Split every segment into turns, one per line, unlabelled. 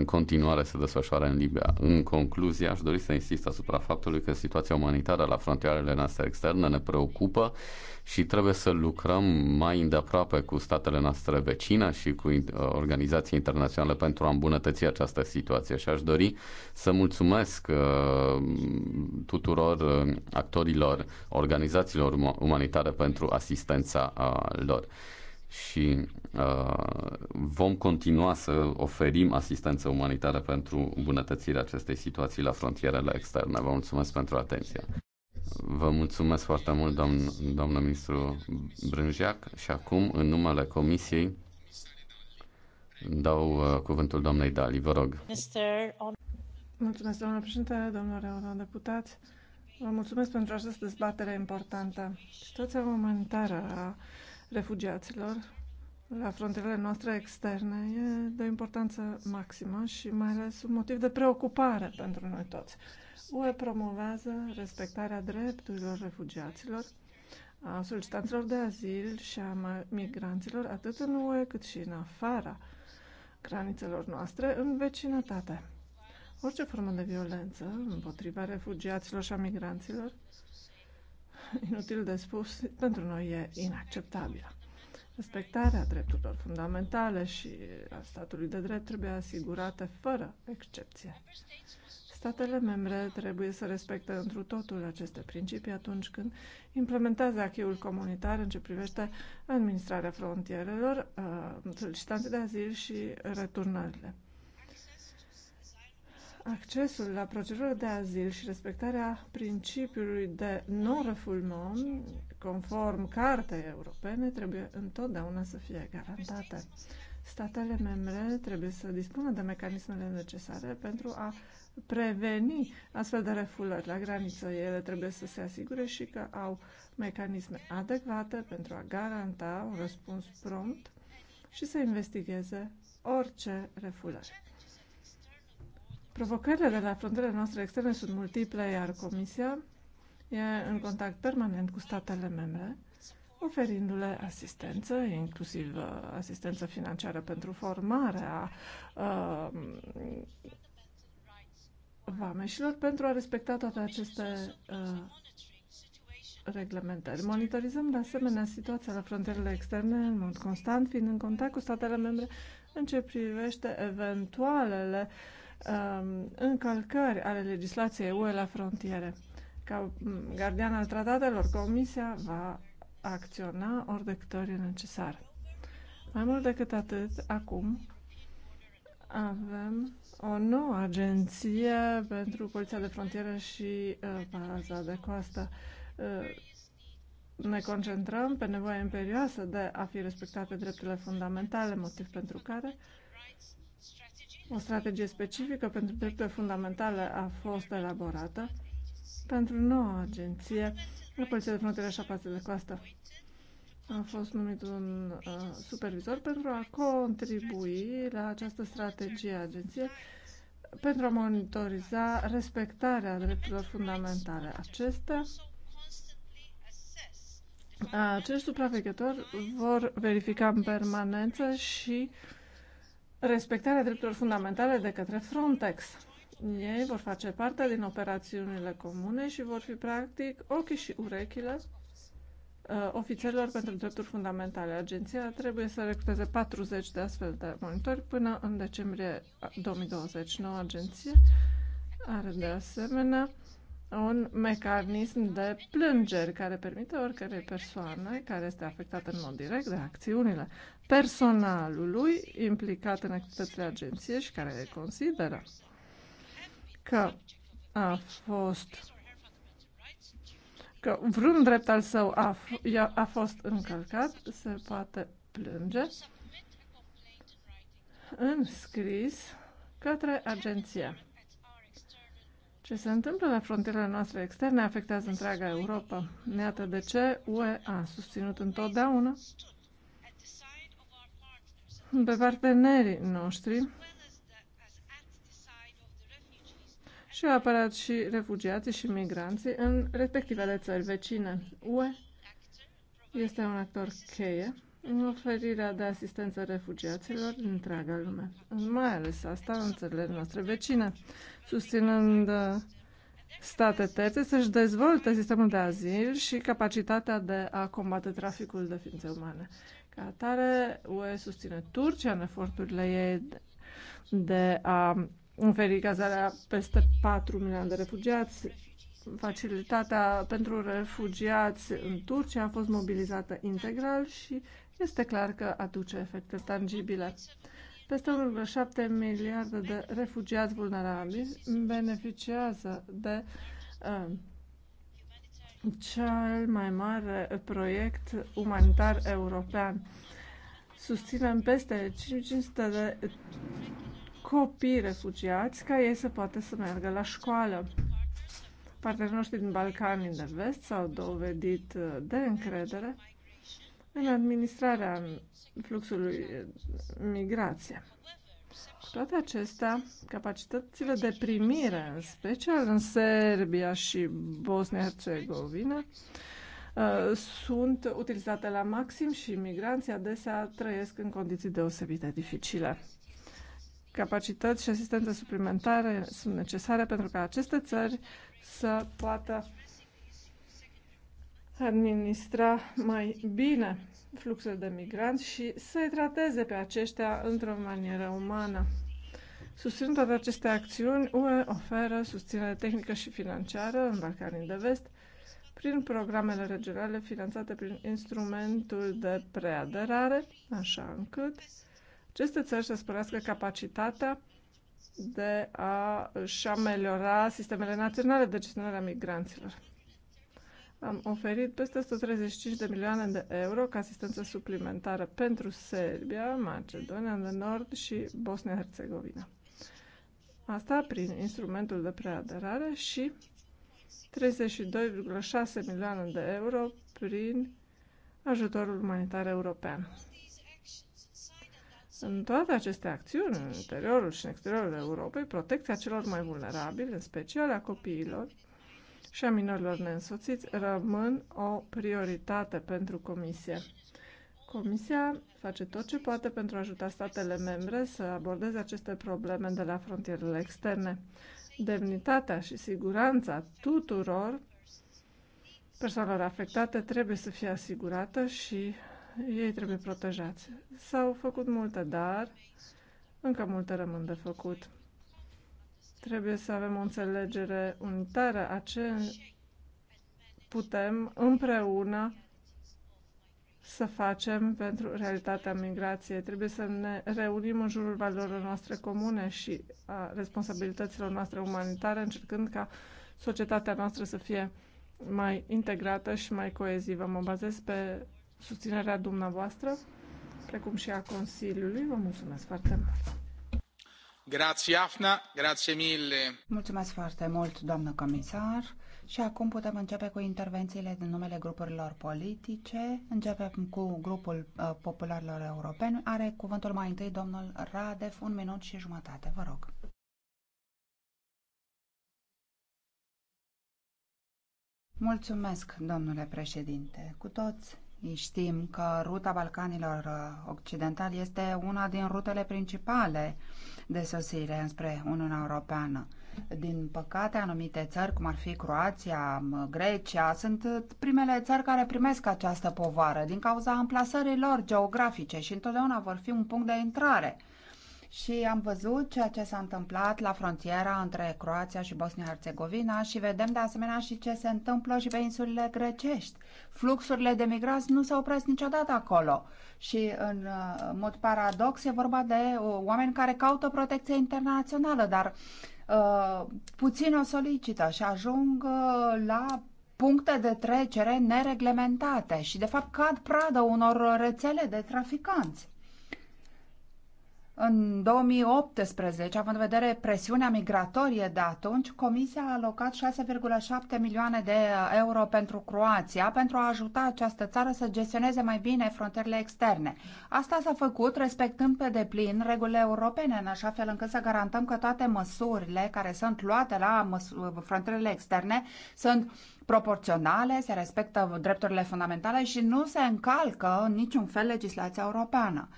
în continuare se desfășoară în Libia. În concluzie, aș dori să insist asupra faptului că situația umanitară la frontierele noastre externe ne preocupă și trebuie să lucrăm mai îndeaproape cu statele noastre vecine și cu uh, organizații internaționale pentru a îmbunătăți această situație. Și aș dori să mulțumesc uh, tuturor uh, actorilor, organizațiilor umanitare pentru asistența lor și uh, vom continua să oferim asistență umanitară pentru îmbunătățirea acestei situații la frontierele externe. Vă mulțumesc pentru atenție. Vă mulțumesc foarte mult, domn, domnul ministru Brânjac, și acum, în numele Comisiei, dau uh, cuvântul doamnei Dali. Vă rog.
Mulțumesc, domnule președinte, domnule deputat. Vă mulțumesc pentru această dezbatere importantă. Situația umanitară a refugiaților la frontierele noastre externe e de o importanță maximă și mai ales un motiv de preocupare pentru noi toți. UE promovează respectarea drepturilor refugiaților, a solicitanților de azil și a migranților atât în UE cât și în afara granițelor noastre, în vecinătate. Orice formă de violență împotriva refugiaților și a migranților inutil de spus, pentru noi e inacceptabilă. Respectarea drepturilor fundamentale și a statului de drept trebuie asigurate fără excepție. Statele membre trebuie să respecte întru totul aceste principii atunci când implementează acheiul comunitar în ce privește administrarea frontierelor, uh, solicitanții de azil și returnările accesul la procedura de azil și respectarea principiului de non-refoulement, conform Cartei Europene, trebuie întotdeauna să fie garantate. Statele membre trebuie să dispună de mecanismele necesare pentru a preveni astfel de refulări la graniță. Ele trebuie să se asigure și că au mecanisme adecvate pentru a garanta un răspuns prompt și să investigheze orice refulări. Provocările de la frontierele noastre externe sunt multiple, iar Comisia e în contact permanent cu statele membre, oferindu-le asistență, inclusiv uh, asistență financiară pentru formarea uh, vameșilor, pentru a respecta toate aceste uh, reglementări. Monitorizăm de asemenea situația la frontierele externe în mod constant, fiind în contact cu statele membre în ce privește eventualele uh, um, încălcări ale legislației UE la frontiere. Ca mm, gardian al tratatelor, Comisia va acționa ori de câte ori e necesar. Mai mult decât atât, acum avem o nouă agenție pentru Poliția de Frontieră și uh, Paza de Coastă. Uh, ne concentrăm pe nevoia imperioasă de a fi respectate drepturile fundamentale, motiv pentru care uh, o strategie specifică pentru drepturile fundamentale a fost elaborată pentru noua agenție, la Poliția de Frontiere și a de Coastă. A fost numit un uh, supervisor pentru a contribui la această strategie a agenției pentru a monitoriza respectarea drepturilor fundamentale. Acestea, uh, acești supraveghetori vor verifica în permanență și uh, respectarea drepturilor fundamentale de către Frontex. Ei vor face parte din operațiunile comune și vor fi practic ochii și urechile uh, ofițerilor pentru drepturi fundamentale. Agenția trebuie să recruteze 40 de astfel de monitori până în decembrie 2020. Noua agenție are de asemenea un mecanism de plângeri care permite oricărei persoane care este afectată în mod direct de acțiunile personalului implicat în activitățile agenției și care consideră că a fost că vreun drept al său a, a fost încălcat, se poate plânge în scris către agenția ce se întâmplă la frontierele noastre externe afectează întreaga Europa. Iată de ce UE a susținut întotdeauna pe partenerii noștri și au apărat și refugiații și migranții în respectivele țări vecine. UE este un actor cheie oferirea de asistență refugiaților în întreaga lume, mai ales asta în țările noastre vecine, susținând uh, state terțe să-și dezvolte sistemul de azil și capacitatea de a combate traficul de ființe umane. Ca atare, UE susține Turcia în eforturile ei de a oferi cazarea peste 4 milioane de refugiați. Facilitatea pentru refugiați în Turcia a fost mobilizată integral și este clar că aduce efecte tangibile. Peste 1,7 miliarde de refugiați vulnerabili beneficiază de uh, cel mai mare proiect umanitar european. Susținem peste 500 de copii refugiați ca ei să poată să meargă la școală. Partenerii noștri din Balcanii de Vest s-au dovedit uh, de încredere în administrarea fluxului migrație. Cu toate acestea, capacitățile de primire, în special în Serbia și Bosnia-Herzegovina, uh, sunt utilizate la maxim și migranții adesea trăiesc în condiții deosebite dificile. Capacități și asistență suplimentare sunt necesare pentru ca aceste țări să poată administra mai bine fluxul de migranți și să-i trateze pe aceștia într-o manieră umană. Susținând toate aceste acțiuni, UE oferă susținere tehnică și financiară în Balcanii de Vest prin programele regionale finanțate prin instrumentul de preaderare, așa încât aceste țări să sporească capacitatea de a-și ameliora sistemele naționale de gestionare a migranților. Am oferit peste 135 de milioane de euro ca asistență suplimentară pentru Serbia, Macedonia de Nord și Bosnia-Herzegovina. Asta prin instrumentul de preaderare și 32,6 milioane de euro prin ajutorul umanitar european. În toate aceste acțiuni, în interiorul și în exteriorul Europei, protecția celor mai vulnerabili, în special a copiilor, și a minorilor neînsoțiți rămân o prioritate pentru Comisie. Comisia face tot ce poate pentru a ajuta statele membre să abordeze aceste probleme de la frontierele externe. Demnitatea și siguranța tuturor persoanelor afectate trebuie să fie asigurată și ei trebuie protejați. S-au făcut multe, dar încă multe rămân de făcut. Trebuie să avem o înțelegere unitară a ce putem împreună să facem pentru realitatea migrației. Trebuie să ne reunim în jurul valorilor noastre comune și a responsabilităților noastre umanitare, încercând ca societatea noastră să fie mai integrată și mai coezivă. Mă bazez pe susținerea dumneavoastră,
precum și a Consiliului. Vă mulțumesc foarte mult! Mulțumesc foarte mult, doamnă comisar. Și acum putem începe cu intervențiile din numele grupurilor politice. Începem cu grupul uh, popularilor europeni. Are cuvântul mai întâi domnul Radev, un minut și jumătate. Vă rog. Mulțumesc, domnule președinte. Cu toți Știm că ruta Balcanilor uh, Occidentali este una din rutele principale de sosire înspre Uniunea Europeană. Din păcate, anumite țări, cum ar fi Croația, Grecia, sunt primele țări care primesc această povară din cauza amplasării lor geografice și întotdeauna vor fi un punct de intrare și am văzut ceea ce s-a întâmplat la frontiera între Croația și Bosnia-Herzegovina și vedem de asemenea și ce se întâmplă și pe insulele grecești. Fluxurile de migrați nu se opresc niciodată acolo și în mod paradox e vorba de uh, oameni care caută protecție internațională, dar uh, puțin o solicită și ajung uh, la puncte de trecere nereglementate și de fapt cad pradă unor rețele de traficanți. În 2018, având în vedere presiunea migratorie de atunci, Comisia a alocat 6,7 milioane de euro pentru Croația pentru a ajuta această țară să gestioneze mai bine frontierele externe. Asta s-a făcut respectând pe deplin regulile europene, în așa fel încât să garantăm că toate măsurile care sunt luate la frontierele externe sunt proporționale, se respectă drepturile fundamentale și nu se încalcă în niciun fel legislația europeană.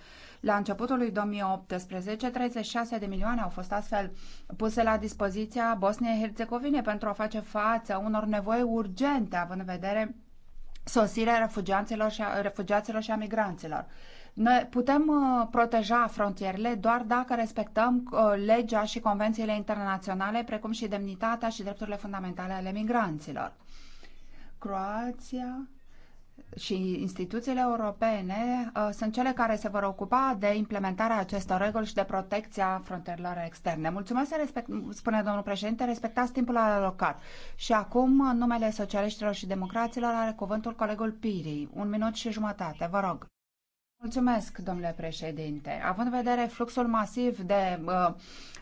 La începutul lui 2018, 36 de milioane au fost astfel puse la dispoziția Bosniei-Herzegovine pentru a face față unor nevoi urgente, având în vedere sosirea refugiaților și a, refugiaților și a migranților. Noi putem uh, proteja frontierele doar dacă respectăm uh, legea și convențiile internaționale, precum și demnitatea și drepturile fundamentale ale migranților. Croația și instituțiile europene uh, sunt cele care se vor ocupa de implementarea acestor reguli și de protecția frontierelor externe. Mulțumesc, respect, spune domnul președinte, respectați timpul alocat. Și acum, în numele socialiștilor și democraților, are cuvântul colegul Piri. Un minut și jumătate, vă rog. Mulțumesc, domnule președinte. Având în vedere fluxul masiv de uh,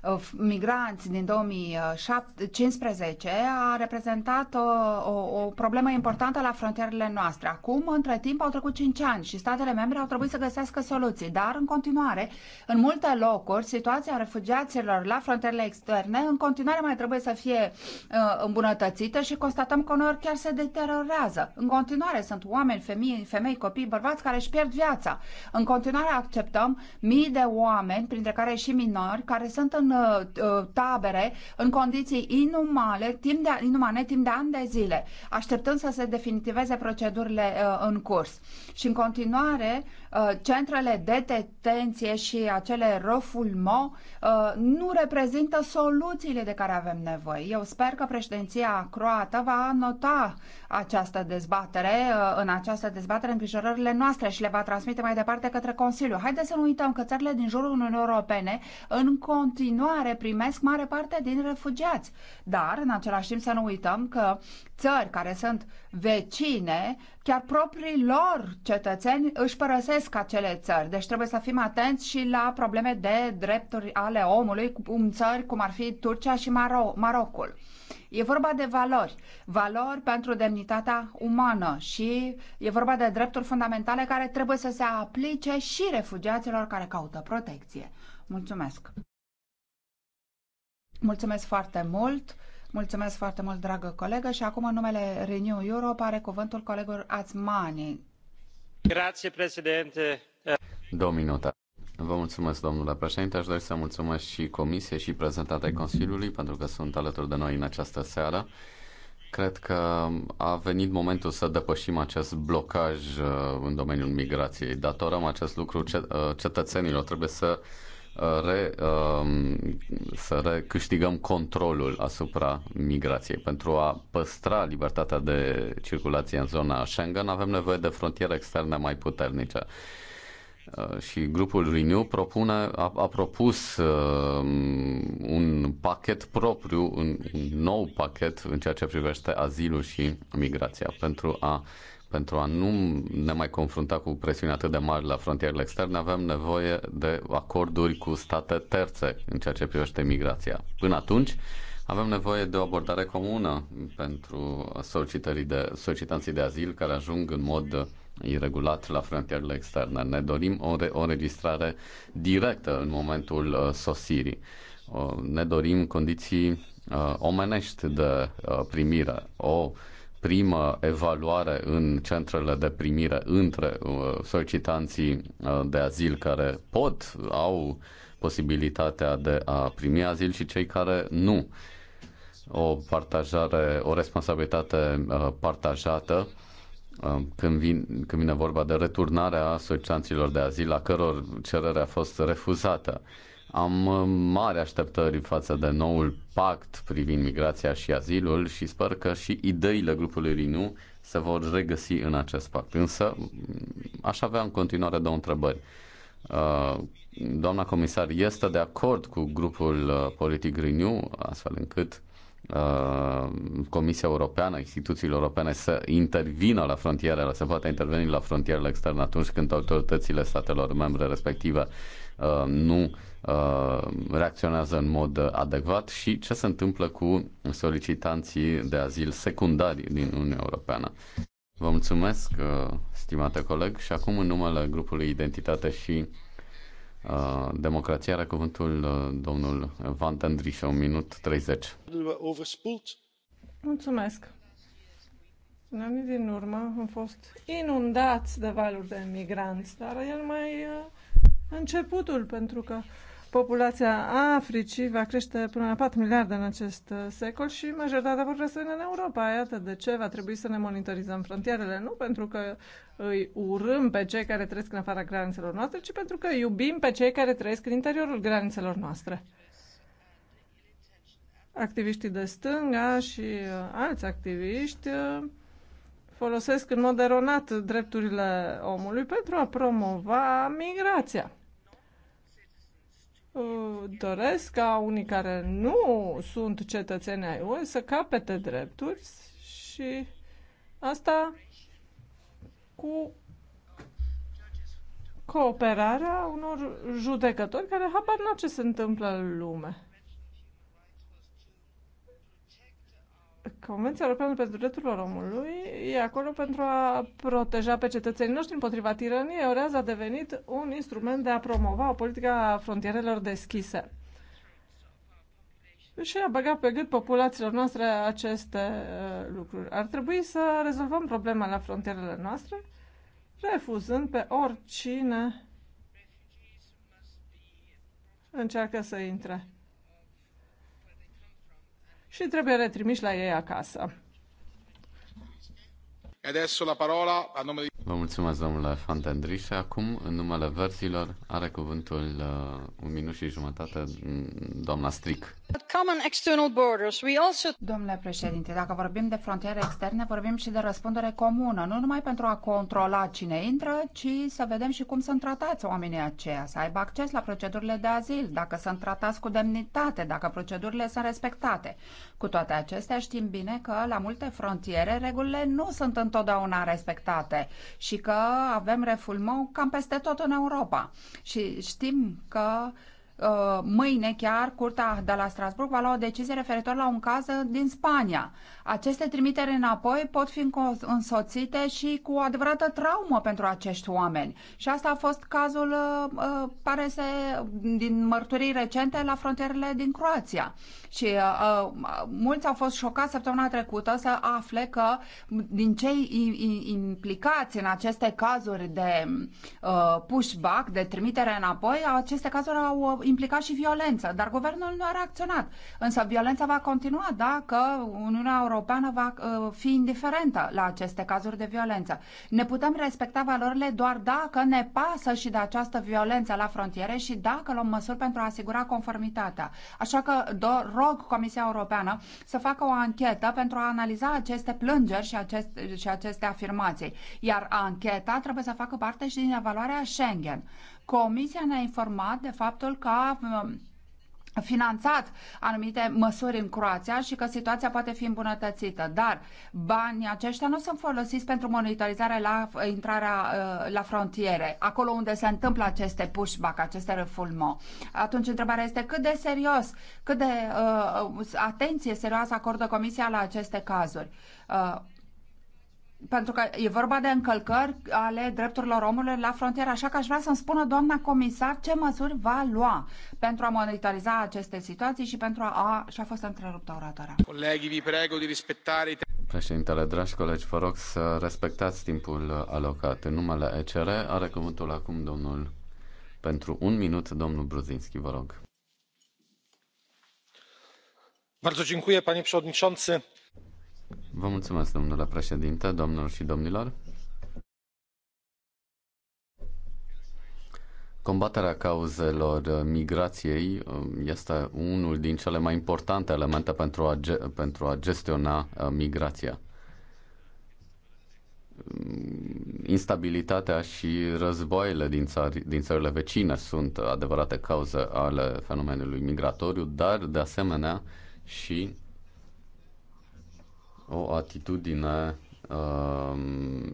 Ă, migranți din 2015 a reprezentat o, ă, o, o problemă importantă la frontierele noastre. Acum, între timp, au trecut 5 ani și statele membre au trebuit să găsească soluții, dar în continuare, în multe locuri, situația refugiaților la frontierele externe în continuare mai trebuie să fie uh, îmbunătățită și constatăm că uneori chiar se deteriorează. În continuare sunt oameni, femei, femei copii, bărbați care își pierd viața. În continuare acceptăm mii de oameni, printre care și minori, care sunt în uh, tabere, în condiții inumane timp, de, inumane, timp de ani de zile, așteptând să se definitiveze procedurile uh, în curs. Și în continuare, uh, centrele de detenție și acele rofulmo uh, nu reprezintă soluțiile de care avem nevoie. Eu sper că președinția croată va nota această dezbatere, uh, în această dezbatere îngrijorările noastre și le va transmite mai departe către Consiliu. Haideți să nu uităm că țările din jurul Uniunii Europene în continuare continuare primesc mare parte din refugiați. Dar, în același timp, să nu uităm că țări care sunt vecine, chiar proprii lor cetățeni își părăsesc acele țări. Deci trebuie să fim atenți și la probleme de drepturi ale omului în țări cum ar fi Turcia și Maro- Marocul. E vorba de valori, valori pentru demnitatea umană și e vorba de drepturi fundamentale care trebuie să se aplice și refugiaților care caută protecție. Mulțumesc! Mulțumesc foarte mult! Mulțumesc foarte mult, dragă colegă, și acum în numele Renew Europe are cuvântul colegul Ațmani.
Grație, președinte.
Două minute. Vă mulțumesc, domnule președinte. Aș dori să mulțumesc și Comisiei și prezentate Consiliului pentru că sunt alături de noi în această seară. Cred că a venit momentul să depășim acest blocaj uh, în domeniul migrației. Datorăm acest lucru uh, cetățenilor. Trebuie să re, um, să recâștigăm controlul asupra migrației. Pentru a păstra libertatea de circulație în zona Schengen avem nevoie de frontiere externe mai puternice uh, și grupul Renew propune, a, a propus uh, un pachet propriu, un, un nou pachet în ceea ce privește azilul și migrația pentru a pentru a nu ne mai confrunta cu presiuni atât de mari la frontierele externe, avem nevoie de acorduri cu state terțe în ceea ce privește migrația. Până atunci, avem nevoie de o abordare comună pentru solicitării de, solicitanții de azil care ajung în mod iregulat la frontierele externe. Ne dorim o, re- o registrare directă în momentul uh, sosirii. Uh, ne dorim condiții uh, omenești de uh, primire, o uh, primă evaluare în centrele de primire între uh, solicitanții uh, de azil care pot, au posibilitatea de a primi azil și cei care nu. O partajare, o responsabilitate uh, partajată când, vin, când vine vorba de returnarea solicitanților de azil, la căror cerere a fost refuzată. Am uh, mari așteptări față de noul pact privind migrația și azilul și sper că și ideile grupului Renew se vor regăsi în acest pact. Însă mm, aș avea în continuare două întrebări. Uh, doamna comisar este de acord cu grupul uh, politic Renew astfel încât Comisia Europeană, instituțiile europene să intervină la frontierele, să poată interveni la frontierele externe atunci când autoritățile statelor membre respective nu Uh, reacționează în mod adecvat și ce se întâmplă cu solicitanții de azil secundari din Uniunea Europeană. Vă mulțumesc, uh, stimate coleg, și acum în numele grupului Identitate și uh, Democrația are cuvântul domnul Van Tendrișe, un minut 30.
Mulțumesc. În anii din urmă am fost inundați de valuri de migranți, dar el mai începutul, pentru că Populația Africii va crește până la 4 miliarde în acest uh, secol și majoritatea vor rămâne în Europa. Iată de ce va trebui să ne monitorizăm frontierele. Nu pentru că îi urâm pe cei care trăiesc în afara granițelor noastre, ci pentru că iubim pe cei care trăiesc în interiorul granițelor noastre activiștii de stânga și uh, alți activiști uh, folosesc în mod eronat drepturile omului pentru a promova migrația. Uh, doresc ca unii care nu sunt cetățeni ai UE să capete drepturi și asta cu cooperarea unor judecători care habar n ce se întâmplă în lume. Convenția Europeană pentru Drepturile Omului e acolo pentru a proteja pe cetățenii noștri împotriva tiraniei. Eurez a devenit un instrument de a promova o politică a frontierelor deschise. Și a băgat pe gât populațiilor noastre aceste uh, lucruri. Ar trebui să rezolvăm problema la frontierele noastre, refuzând pe oricine încearcă să intre și trebuie retrimiși la ei acasă.
Vă mulțumesc, domnule Fantendri, și acum, în numele verzilor, are cuvântul uh, un minut și jumătate mm, doamna Stric.
Domnule președinte, dacă vorbim de frontiere externe, vorbim și de răspundere comună, nu numai pentru a controla cine intră, ci să vedem și cum sunt tratați oamenii aceia, să aibă acces la procedurile de azil, dacă sunt tratați cu demnitate, dacă procedurile sunt respectate. Cu toate acestea știm bine că la multe frontiere regulile nu sunt întotdeauna respectate și că avem refulmău cam peste tot în Europa. Și știm că Uh, mâine chiar Curtea de la Strasburg va lua o decizie referitor la un caz uh, din Spania. Aceste trimitere înapoi pot fi însoțite și cu o adevărată traumă pentru acești oameni. Și asta a fost cazul, uh, pare să, din mărturii recente la frontierele din Croația. Și uh, mulți au fost șocați săptămâna trecută să afle că din cei implicați în aceste cazuri de uh, pushback, de trimitere înapoi, aceste cazuri au implica și violență, dar guvernul nu a reacționat. Însă violența va continua dacă Uniunea Europeană va uh, fi indiferentă la aceste cazuri de violență. Ne putem respecta valorile doar dacă ne pasă și de această violență la frontiere și dacă luăm măsuri pentru a asigura conformitatea. Așa că do- rog Comisia Europeană să facă o anchetă pentru a analiza aceste plângeri și, acest, și aceste afirmații. Iar ancheta trebuie să facă parte și din evaluarea Schengen. Comisia ne-a informat de faptul că a um, finanțat anumite măsuri în Croația și că situația poate fi îmbunătățită, dar banii aceștia nu sunt folosiți pentru monitorizare la intrarea uh, la frontiere, acolo unde se întâmplă aceste pushback, aceste refulmo. Atunci întrebarea este cât de serios, cât de uh, atenție serioasă acordă Comisia la aceste cazuri. Uh, pentru că e vorba de încălcări ale drepturilor omului la frontieră, așa că aș vrea să-mi spună doamna comisar ce măsuri va lua pentru a monitoriza aceste situații și pentru a... și-a fost întreruptă oratora.
Colegii, vi prego di rispettare... Președintele, dragi colegi, vă rog să respectați timpul alocat. În numele ECR are cuvântul acum domnul... Pentru un minut, domnul Bruzinski, vă rog.
Bardzo dziękuję, panie przewodniczący
Vă mulțumesc, domnule președinte, domnilor și domnilor. Combaterea cauzelor migrației um, este unul din cele mai importante elemente pentru a, ge- pentru a gestiona uh, migrația. Um, instabilitatea și războaiele din, țari, din țările vecine sunt adevărate cauze ale fenomenului migratoriu, dar de asemenea și o atitudine uh,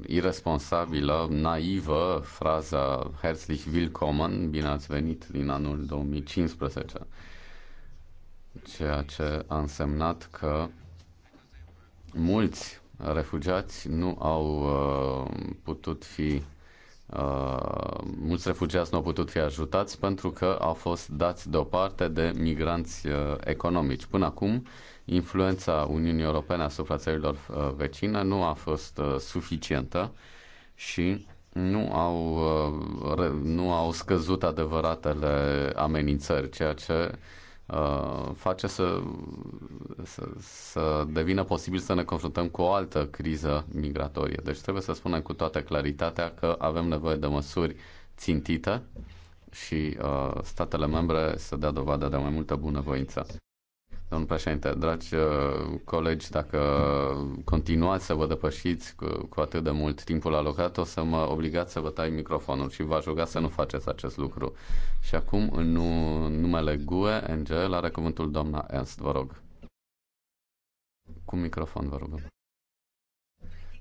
irresponsabilă, naivă, fraza Herzlich Willkommen, bine ați venit din anul 2015, ceea ce a însemnat că mulți refugiați nu au uh, putut fi Uh, mulți refugiați nu au putut fi ajutați pentru că au fost dați deoparte de migranți uh, economici. Până acum, influența Uniunii Europene asupra țărilor uh, vecine nu a fost uh, suficientă și nu au, uh, nu au scăzut adevăratele amenințări, ceea ce face să, să, să devină posibil să ne confruntăm cu o altă criză migratorie. Deci trebuie să spunem cu toată claritatea că avem nevoie de măsuri țintite și uh, statele membre să dea dovadă de mai multă bunăvoință. Domnul președinte, dragi uh, colegi, dacă continuați să vă depășiți cu, cu atât de mult timpul alocat, o să mă obligați să vă tai microfonul și v-aș ruga să nu faceți acest lucru. Și acum, în numele GUE, NGL, are cuvântul doamna Ernst, vă rog. Cu microfon, vă rog.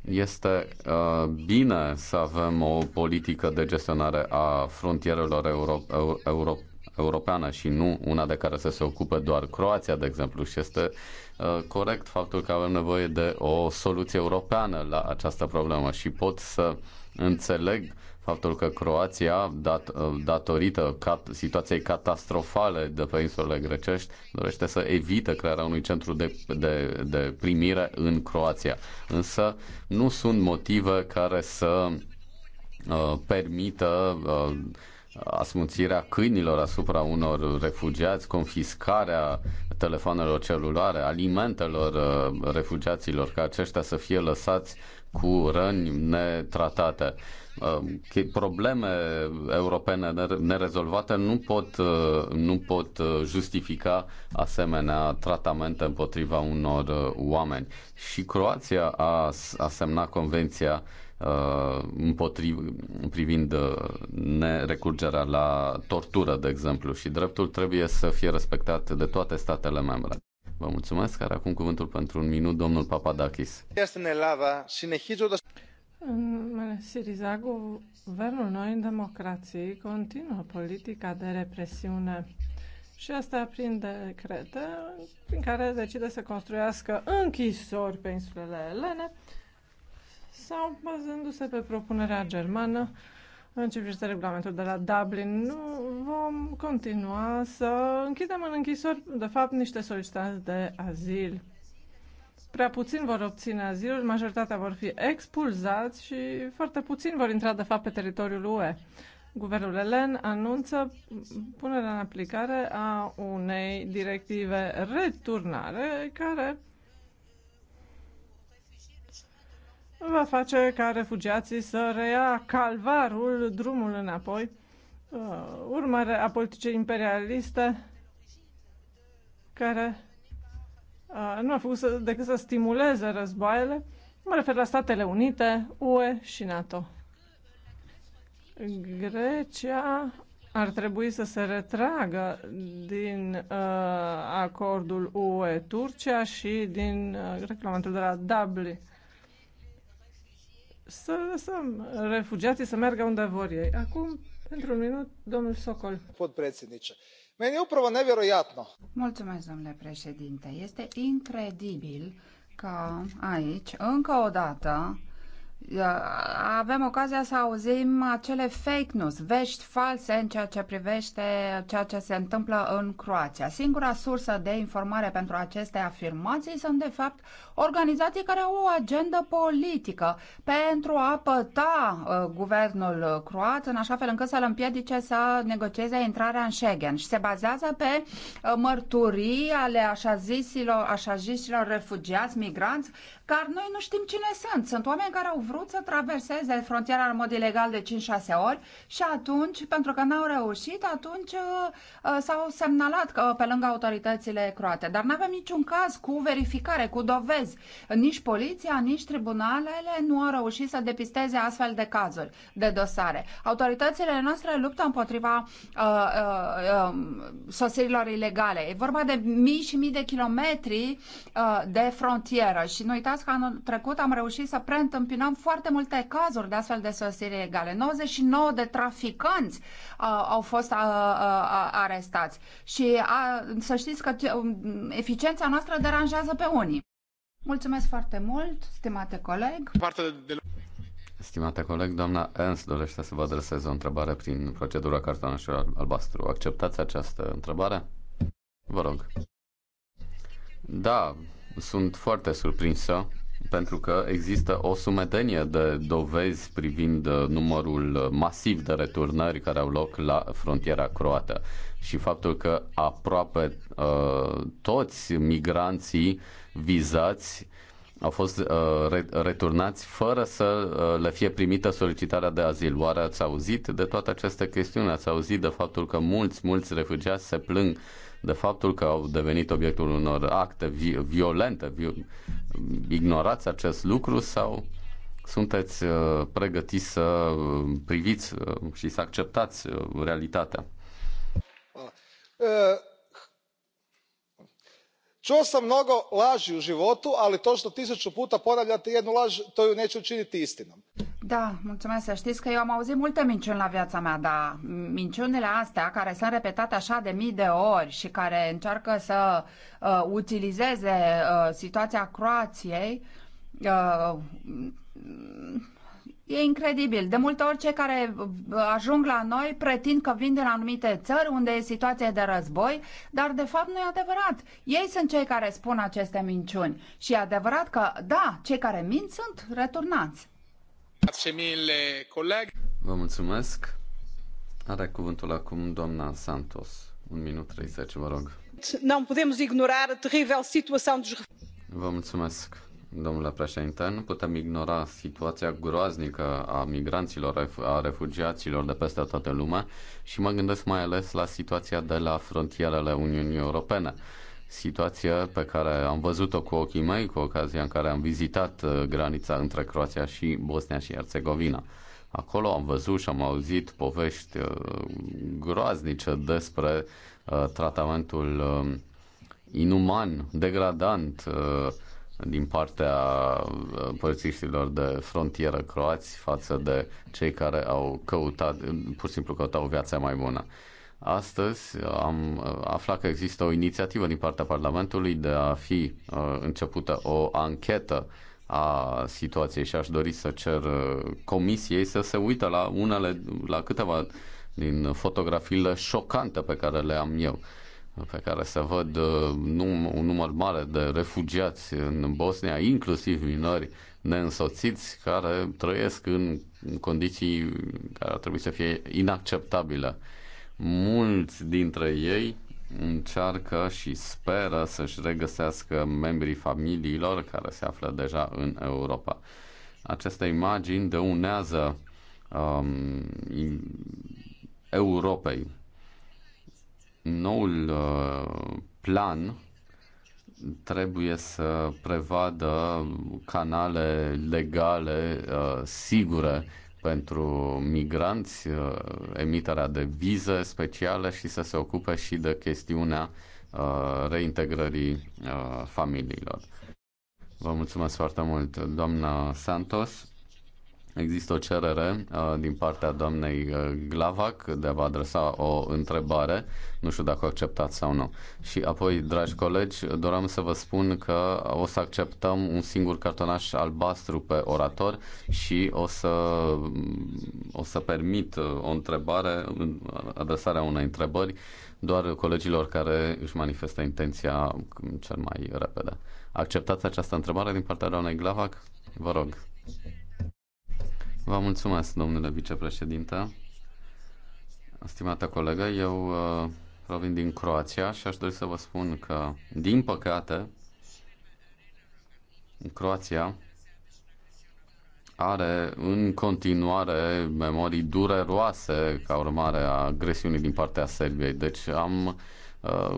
Este uh, bine să avem o politică de gestionare a frontierelor euro- euro- europeană și nu una de care să se ocupe doar Croația, de exemplu, și este uh, corect faptul că avem nevoie de o soluție europeană la această problemă și pot să înțeleg faptul că Croația, dat, uh, datorită cat, situației catastrofale de pe insulele grecești, dorește să evită crearea unui centru de, de, de primire în Croația. Însă nu sunt motive care să uh, permită uh, asmuțirea câinilor asupra unor refugiați, confiscarea telefonelor celulare, alimentelor uh, refugiaților, ca aceștia să fie lăsați cu răni netratate. Uh, probleme europene nerezolvate nu pot, uh, nu pot justifica asemenea tratamente împotriva unor oameni. Și Croația a, a semnat convenția Uh, împotriv, privind uh, nerecurgerea la tortură, de exemplu, și dreptul trebuie să fie respectat de toate statele membre. Vă mulțumesc, care acum cuvântul pentru un minut, domnul Papadakis.
În Siriza, guvernul noi în democrații continuă politica de represiune și asta prin decrete prin care decide să construiască închisori pe insulele Elene, sau bazându-se pe propunerea germană în ce privește regulamentul de la Dublin. Nu vom continua să închidem în închisori, de fapt, niște solicitanți de azil. Prea puțin vor obține azilul, majoritatea vor fi expulzați și foarte puțin vor intra, de fapt, pe teritoriul UE. Guvernul elen anunță punerea în aplicare a unei directive returnare care va face ca refugiații să reia calvarul, drumul înapoi, uh, urmare a politicii imperialiste care uh, nu a făcut decât să stimuleze războaiele. Mă refer la Statele Unite, UE și NATO. Grecia ar trebui să se retragă din uh, acordul UE-Turcia și din uh, reclamantul de la Dublin să lăsăm refugiații să meargă unde vor ei. Acum, pentru un minut, domnul Socol. Podpredsednice. Meni upravo nevjerojatno.
Mulțumesc, domnule președinte. Este incredibil că aici, încă o dată, Uh, avem ocazia să auzim acele fake news, vești false în ceea ce privește ceea ce se întâmplă în Croația. Singura sursă de informare pentru aceste afirmații sunt, de fapt, organizații care au o agendă politică pentru a păta uh, guvernul croat în așa fel încât să-l împiedice să negocieze intrarea în Schengen și se bazează pe uh, mărturii ale așa zisilor, așa zisilor refugiați, migranți, Car noi nu știm cine sunt. Sunt oameni care au vrut să traverseze frontiera în mod ilegal de 5-6 ori și atunci, pentru că n-au reușit, atunci uh, uh, s-au semnalat că uh, pe lângă autoritățile croate. Dar nu avem niciun caz cu verificare, cu dovezi. Nici poliția, nici tribunalele nu au reușit să depisteze astfel de cazuri, de dosare. Autoritățile noastre luptă împotriva uh, uh, uh, sosirilor ilegale. E vorba de mii și mii de kilometri uh, de frontieră și nu uitați constatați că anul trecut am reușit să preîntâmpinăm foarte multe cazuri de astfel de sosire egale. 99 de traficanți uh, au fost uh, uh, arestați și uh, să știți că uh, eficiența noastră deranjează pe unii. Mulțumesc foarte mult, stimate coleg.
De... Stimate coleg, doamna Ens dorește să vă adreseze o întrebare prin procedura cartonașului albastru. Acceptați această întrebare? Vă rog. Da, sunt foarte surprinsă pentru că există o sumedenie de dovezi privind uh, numărul masiv de returnări care au loc la frontiera croată și faptul că aproape uh, toți migranții vizați au fost uh, re- returnați fără să uh, le fie primită solicitarea de azil. Oare ați auzit de toate aceste chestiuni? Ați auzit de faptul că mulți, mulți refugiați se plâng de faptul că au devenit obiectul unor acte violente. Vi- ignorați acest lucru sau sunteți uh, pregătiți să uh, priviți uh, și să acceptați realitatea? Uh
uo sam mnogo lai u ivotu ali to to tisuu puta ponavljate jednu la to ju nee uiniti istinom.
Da, mulțumesc. Să știți că eu am auzit multe minciuni la viața mea, dar minciunile astea care sunt repetate așa de mii de ori și care încearcă să uh, utilizeze uh, situația Croației, uh, E incredibil. De multe ori cei care uh, ajung la noi pretind că vin din anumite țări unde e situație de război, dar de fapt nu e adevărat. Ei sunt cei care spun aceste minciuni. Și e adevărat că, da, cei care mint sunt returnați.
Vă mulțumesc. Are cuvântul acum doamna Santos. Un minut 30, vă rog.
Nu putem ignora teribilă situația
Vă mulțumesc domnule președinte, nu putem ignora situația groaznică a migranților, a refugiaților de peste toată lumea și mă gândesc mai ales la situația de la frontierele Uniunii Europene. Situația pe care am văzut-o cu ochii mei cu ocazia în care am vizitat uh, granița între Croația și Bosnia și Herțegovina. Acolo am văzut și am auzit povești uh, groaznice despre uh, tratamentul um, inuman, degradant, din partea uh, polițiștilor de frontieră croați față de cei care au căutat, pur și simplu căutau viața mai bună. Astăzi uh, am uh, aflat că există o inițiativă din partea Parlamentului de a fi începută o anchetă a situației și aș dori să cer comisiei să se uită la unele, la câteva din fotografiile șocante pe care le am eu pe care se văd uh, num, un număr mare de refugiați în Bosnia, inclusiv minori neînsoțiți, care trăiesc în condiții care ar trebui să fie inacceptabile. Mulți dintre ei încearcă și speră să-și regăsească membrii familiilor care se află deja în Europa. Aceste imagini dăunează um, Europei Noul uh, plan trebuie să prevadă canale legale uh, sigure pentru migranți, uh, emiterea de vize speciale și să se ocupe și de chestiunea reintegrării familiilor. Vă mulțumesc foarte mult, doamna Santos. Există o cerere uh, din partea doamnei uh, Glavac de a vă adresa o întrebare. Nu știu dacă o acceptați sau nu. Și apoi, dragi colegi, doream să vă spun că o să acceptăm un singur cartonaș albastru pe orator și o să, o să permit uh, o întrebare, adresarea unei întrebări doar colegilor care își manifestă intenția cel mai repede. Acceptați această întrebare din partea doamnei Glavac? Vă rog. Vă mulțumesc, domnule vicepreședinte. Stimată colegă, eu uh, provin din Croația și aș dori să vă spun că, din păcate, Croația are în continuare memorii dureroase ca urmare a agresiunii din partea Serbiei. Deci am, uh,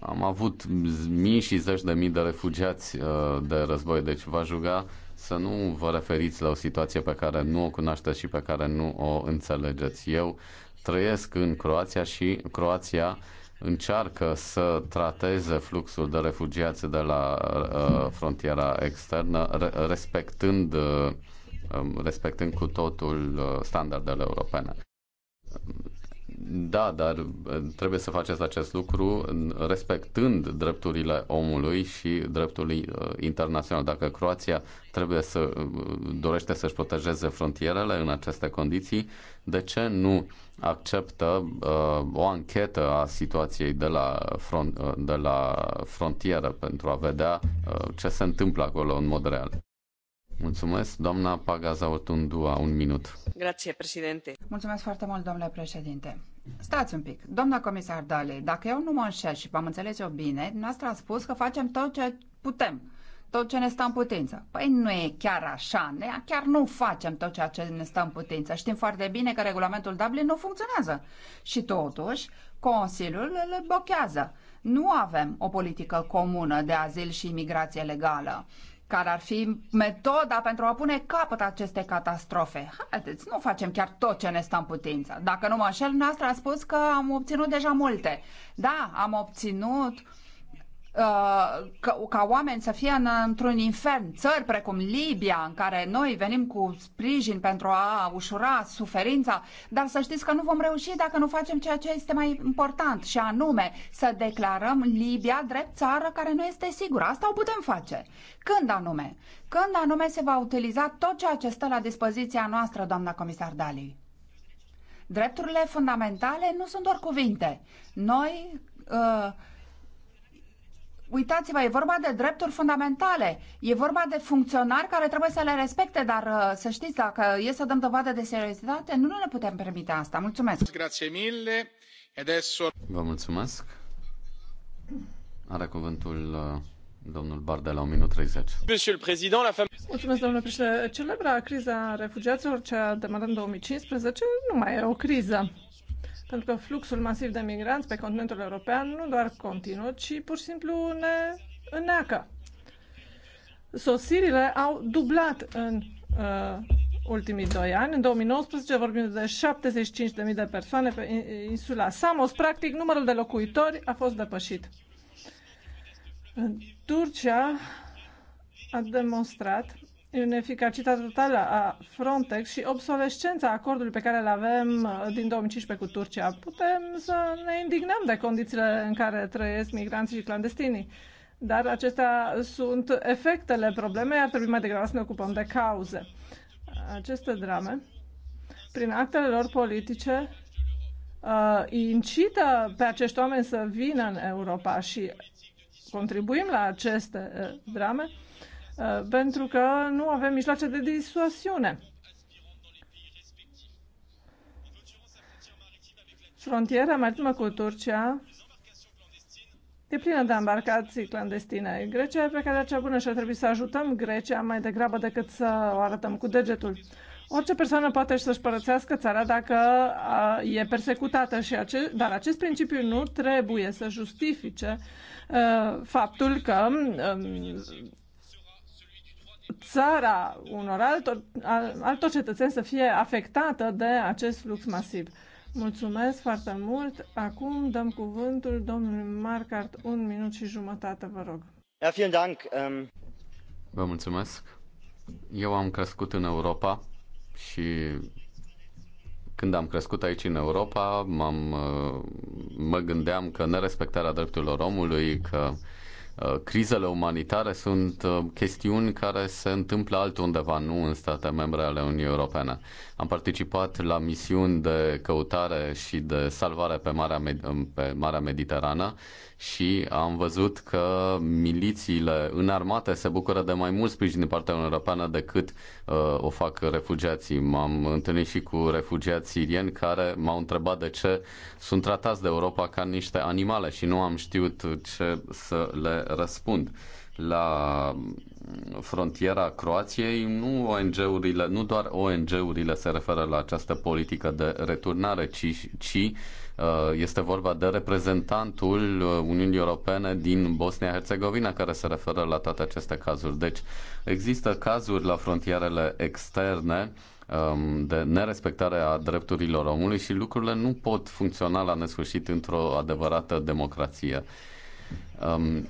am avut mii și zeci de mii de refugiați uh, de război. Deci va juga să nu vă referiți la o situație pe care nu o cunoașteți și pe care nu o înțelegeți. Eu trăiesc în Croația și Croația încearcă să trateze fluxul de refugiați de la uh, frontiera externă, re- respectând, uh, um, respectând cu totul uh, standardele europene da, dar eh, trebuie să faceți acest lucru respectând drepturile omului și dreptul eh, internațional. Dacă Croația trebuie să eh, dorește să-și protejeze frontierele în aceste condiții, de ce nu acceptă uh, o anchetă a situației de la, front, uh, de la frontieră pentru a vedea uh, ce se întâmplă acolo în mod real? Mulțumesc, doamna Pagaza un minut.
Grație, președinte. Mulțumesc foarte mult, domnule președinte. Stați un pic. Doamna comisar Dale, dacă eu nu mă înșel și v-am înțeles eu bine, dumneavoastră a spus că facem tot ce putem tot ce ne stă în putință. Păi nu e chiar așa, ne, chiar nu facem tot ceea ce ne stă în putință. Știm foarte bine că regulamentul Dublin nu funcționează și totuși Consiliul îl blochează. Nu avem o politică comună de azil și imigrație legală care ar fi metoda pentru a pune capăt acestei catastrofe. Haideți, nu facem chiar tot ce ne stă în putință. Dacă nu mă așel, noastră a spus că am obținut deja multe. Da, am obținut uh, Uh, ca, ca oameni să fie în, într-un infern. Țări precum Libia, în care noi venim cu sprijin pentru a ușura suferința, dar să știți că nu vom reuși dacă nu facem ceea ce este mai important, și anume să declarăm Libia drept țară care nu este sigură. Asta o putem face. Când anume? Când anume se va utiliza tot ceea ce stă la dispoziția noastră, doamna comisar Dali? Drepturile fundamentale nu sunt doar cuvinte. Noi uh, Uitați-vă, e vorba de drepturi fundamentale, e vorba de funcționari care trebuie să le respecte, dar uh, să știți, dacă e să dăm dovadă de seriozitate, nu, ne putem permite asta. Mulțumesc!
Grazie mille. Adesso... Vă mulțumesc! Are cuvântul uh, domnul Barde la 1 minut 30.
Mulțumesc, domnule președinte. Celebra criza refugiaților, ce a demarat în 2015, nu mai e o criză pentru că fluxul masiv de migranți pe continentul european nu doar continuă, ci pur și simplu ne înneacă. Sosirile au dublat în uh, ultimii doi ani. În 2019 vorbim de 75.000 de persoane pe insula Samos. Practic, numărul de locuitori a fost depășit. Turcia a demonstrat ineficacitatea totală a Frontex și obsolescența acordului pe care îl avem uh, din 2015 cu Turcia. Putem să ne indignăm de condițiile în care trăiesc migranții și clandestinii, dar acestea sunt efectele problemei, ar trebui mai degrabă să ne ocupăm de cauze. Aceste drame, prin actele lor politice, uh, incită pe acești oameni să vină în Europa și contribuim la aceste uh, drame Uh, pentru că nu avem mijloace de disuasiune. Frontiera maritimă cu Turcia e plină de embarcații clandestine. Grecia e pe care cea bună și ar trebui să ajutăm Grecia mai degrabă decât să o arătăm cu degetul. Orice persoană poate să-și părățească țara dacă e persecutată, și ace- dar acest principiu nu trebuie să justifice uh, faptul că um, țara unor altor, altor cetățeni să fie afectată de acest flux masiv. Mulțumesc foarte mult. Acum dăm cuvântul domnului Marcart. Un minut și jumătate, vă rog.
Ja, vielen Dank. Um... Vă mulțumesc. Eu am crescut în Europa și când am crescut aici în Europa, m-am, mă gândeam că nerespectarea drepturilor omului, că uh, Uh, crizele umanitare sunt uh, chestiuni care se întâmplă altundeva, nu în state membre ale Uniunii Europene. Am participat la misiuni de căutare și de salvare pe Marea, Med- pe Marea Mediterană și am văzut că milițiile înarmate se bucură de mai mult sprijin din partea europeană decât uh, o fac refugiații. M-am întâlnit și cu refugiați sirieni care m-au întrebat de ce sunt tratați de Europa ca niște animale și nu am știut ce să le răspund. La frontiera Croației, nu ONG-urile, nu doar ONG-urile se referă la această politică de returnare, ci, ci uh, este vorba de reprezentantul Uniunii Europene din Bosnia-Herzegovina care se referă la toate aceste cazuri. Deci există cazuri la frontierele externe um, de nerespectare a drepturilor omului și lucrurile nu pot funcționa la nesfârșit într-o adevărată democrație. Um,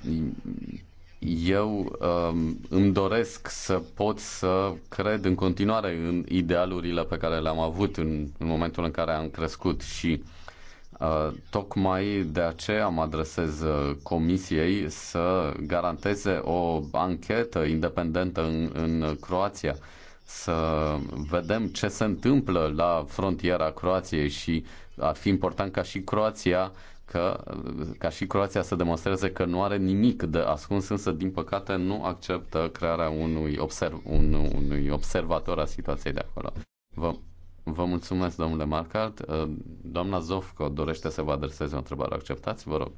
eu um, îmi doresc să pot să cred în continuare în idealurile pe care le-am avut în, în momentul în care am crescut și uh, tocmai de aceea am adresez uh, comisiei să garanteze o anchetă independentă în, în Croația, să vedem ce se întâmplă la frontiera Croației și ar fi important ca și Croația că, ca și Croația să demonstreze că nu are nimic de ascuns, însă, din păcate, nu acceptă crearea unui, observ, un, unui observator a situației de acolo. Vă, vă mulțumesc, domnule Marcard. Uh, doamna Zofco dorește să vă adreseze o întrebare. Acceptați? Vă rog.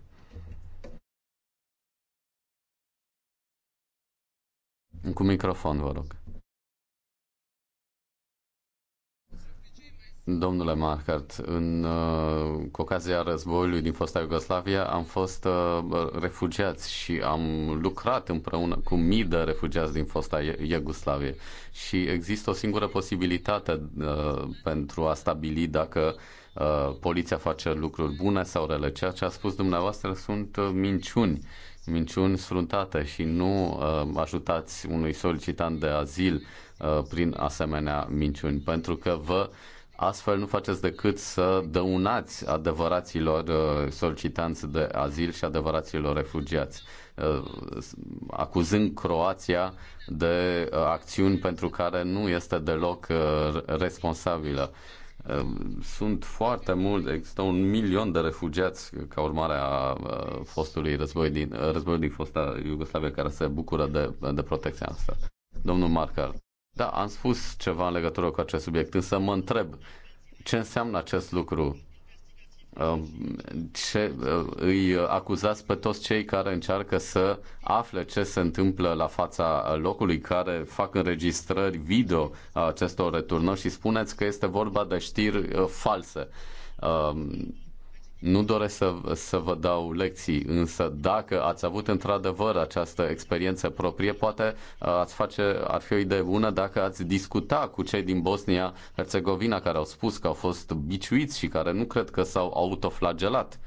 Cu microfon, vă rog. Domnule Markert, în, uh, cu ocazia războiului din fosta Iugoslavia am fost uh, refugiați și am lucrat împreună cu mii de refugiați din fosta Iugoslavie și există o singură posibilitate uh, pentru a stabili dacă poliția face lucruri bune sau rele. Ceea ce a spus dumneavoastră sunt minciuni minciuni sfruntate și nu ajutați unui solicitant de azil prin asemenea minciuni, pentru că vă uh, Astfel nu faceți decât să dăunați adevăraților uh, solicitanți de azil și adevăraților refugiați, uh, acuzând Croația de uh, acțiuni pentru care nu este deloc responsabilă. Sunt foarte mulți, există un milion de refugiați ca urmare a fostului război din, război din fosta Iugoslavia care se bucură de, de protecția asta, Domnul Marcar. Da, am spus ceva în legătură cu acest subiect, însă mă întreb ce înseamnă acest lucru. Um, ce, uh, îi acuzați pe toți cei care încearcă să afle ce se întâmplă la fața locului, care fac înregistrări video a acestor returnări și spuneți că este vorba de știri uh, false um, nu doresc să, să vă dau lecții, însă dacă ați avut într-adevăr această experiență proprie, poate uh, ați face, ar fi o idee bună dacă ați discuta cu cei din Bosnia-Herzegovina care au spus că au fost biciuiți și care nu cred că s-au autoflagelat.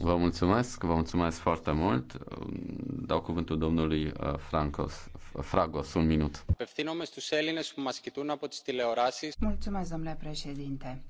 Vă mulțumesc, vă mulțumesc foarte mult. Dau cuvântul domnului uh, Francos. Fragos, un minut. Mulțumesc,
domnule președinte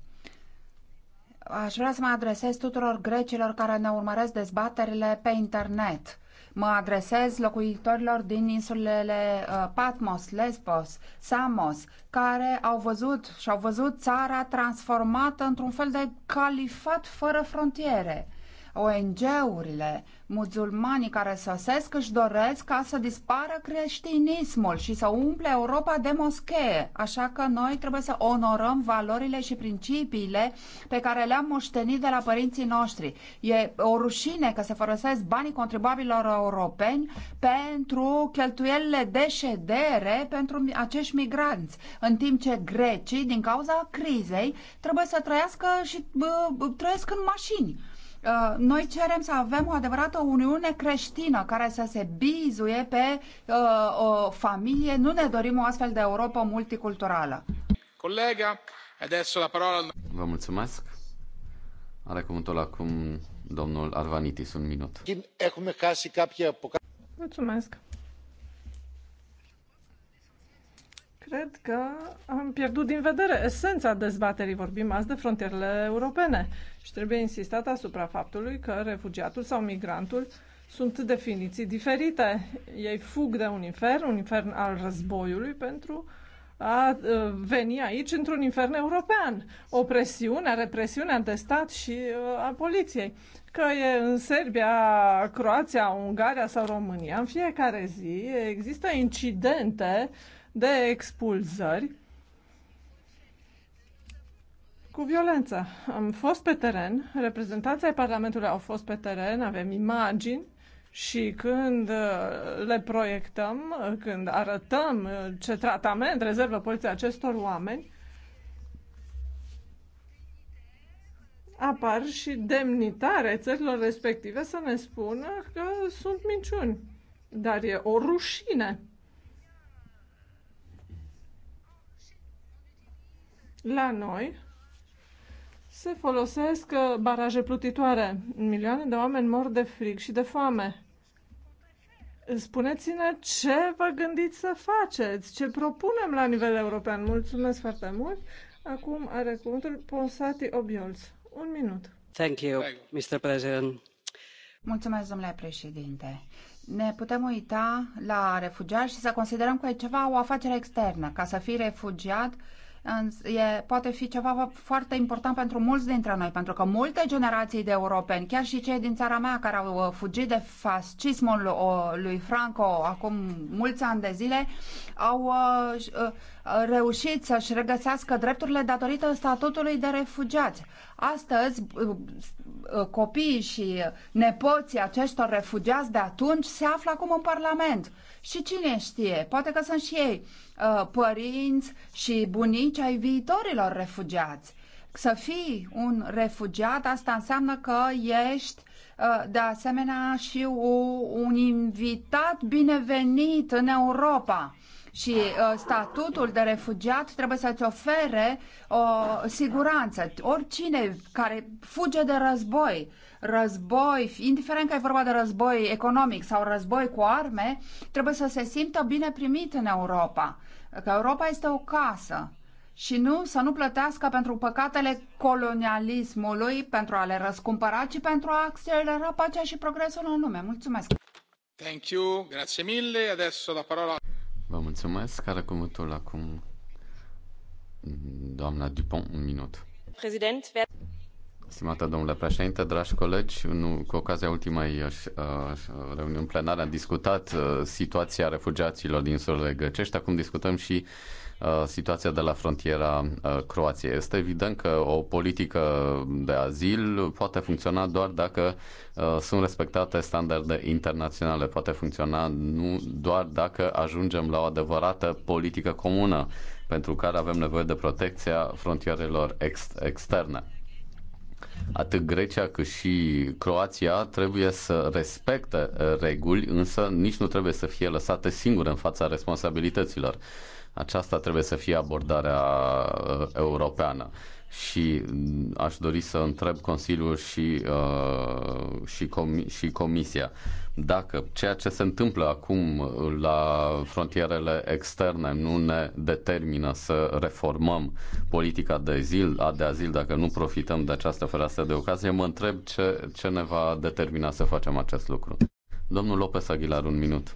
Aș vrea să mă adresez tuturor grecilor care ne urmăresc dezbaterile pe internet. Mă adresez locuitorilor din insulele uh, Patmos, Lesbos, Samos, care au văzut și au văzut țara transformată într-un fel de califat fără frontiere. ONG-urile, muzulmanii care sosesc își doresc ca să dispară creștinismul și să umple Europa de moschee. Așa că noi trebuie să onorăm valorile și principiile pe care le-am moștenit de la părinții noștri. E o rușine că se folosesc banii contribuabililor europeni pentru cheltuielile de ședere pentru acești migranți, în timp ce grecii, din cauza crizei, trebuie să trăiască și bă, trăiesc în mașini. Uh, noi cerem să avem o adevărată uniune creștină care să se bizuie pe uh, o familie. Nu ne dorim o astfel de Europa multiculturală.
Colega, adesso la parola... Vă mulțumesc. Are cuvântul acum domnul Arvanitis, un minut.
Mulțumesc. Cred că am pierdut din vedere esența dezbaterii. Vorbim azi de frontierele europene și trebuie insistat asupra faptului că refugiatul sau migrantul sunt definiții diferite. Ei fug de un infern, un infern al războiului, pentru a uh, veni aici într-un infern european. Opresiunea, represiunea de stat și uh, a poliției. Că e în Serbia, Croația, Ungaria sau România, în fiecare zi există incidente uh, de expulzări cu violență. Am fost pe teren, reprezentanții ai Parlamentului au fost pe teren, avem imagini și când uh, le proiectăm, uh, când arătăm uh, ce tratament rezervă poliția acestor oameni, apar și demnitare țărilor respective să ne spună că sunt minciuni. Dar e o rușine La noi se folosesc uh, baraje plutitoare. Milioane de oameni mor de frig și de foame. Spuneți-ne ce vă gândiți să faceți, ce propunem la nivel european. Mulțumesc foarte mult. Acum are cuvântul Ponsati Obiolț.
Un minut. Thank you, Mr. President. Mulțumesc, domnule președinte ne putem uita la refugiați și să considerăm că e ceva o afacere externă. Ca să fii refugiat, e, poate fi ceva foarte important pentru mulți dintre noi, pentru că multe generații de europeni, chiar și cei din țara mea care au uh, fugit de fascismul uh, lui Franco acum mulți ani de zile, au uh, reușit să-și regăsească drepturile datorită statutului de refugiați. Astăzi, copiii și nepoții acestor refugiați de atunci se află acum în Parlament și cine știe, poate că sunt și ei uh, părinți și bunici ai viitorilor refugiați. Să fii un refugiat, asta înseamnă că ești uh, de asemenea și un invitat binevenit în Europa și uh, statutul de refugiat trebuie să-ți ofere o siguranță. Oricine care fuge de război război, indiferent că e vorba de război economic sau război cu arme, trebuie să se simtă bine primit în Europa. Că Europa este o casă și nu să nu plătească pentru păcatele colonialismului, pentru a le răscumpăra, ci pentru a accelera pacea și progresul în lume. Mulțumesc!
Thank you, grazie mille. Adesso la parola... Vă mulțumesc. care cuvântul acum doamna Dupont, un minut.
Președinte.
Stimată domnule președinte, dragi colegi, nu, cu ocazia ultimei uh, uh, reuniuni plenare am discutat uh, situația refugiaților din insulele grecești, acum discutăm și uh, situația de la frontiera uh, Croației. Este evident că o politică de azil poate funcționa doar dacă sunt respectate standarde internaționale, poate funcționa nu doar dacă ajungem la o adevărată politică comună pentru care avem nevoie de protecția frontierelor ex- externe atât Grecia cât și Croația trebuie să respecte uh, reguli, însă nici nu trebuie să fie lăsate singure în fața responsabilităților. Aceasta trebuie să fie abordarea uh, europeană și mm, aș dori să întreb Consiliul și, uh, și, com- și Comisia dacă ceea ce se întâmplă acum la frontierele externe nu ne determină să reformăm politica de azil, a de azil dacă nu profităm de această fereastră de ocazie, mă întreb ce, ce ne va determina să facem acest lucru. Domnul Lopez Aguilar, un minut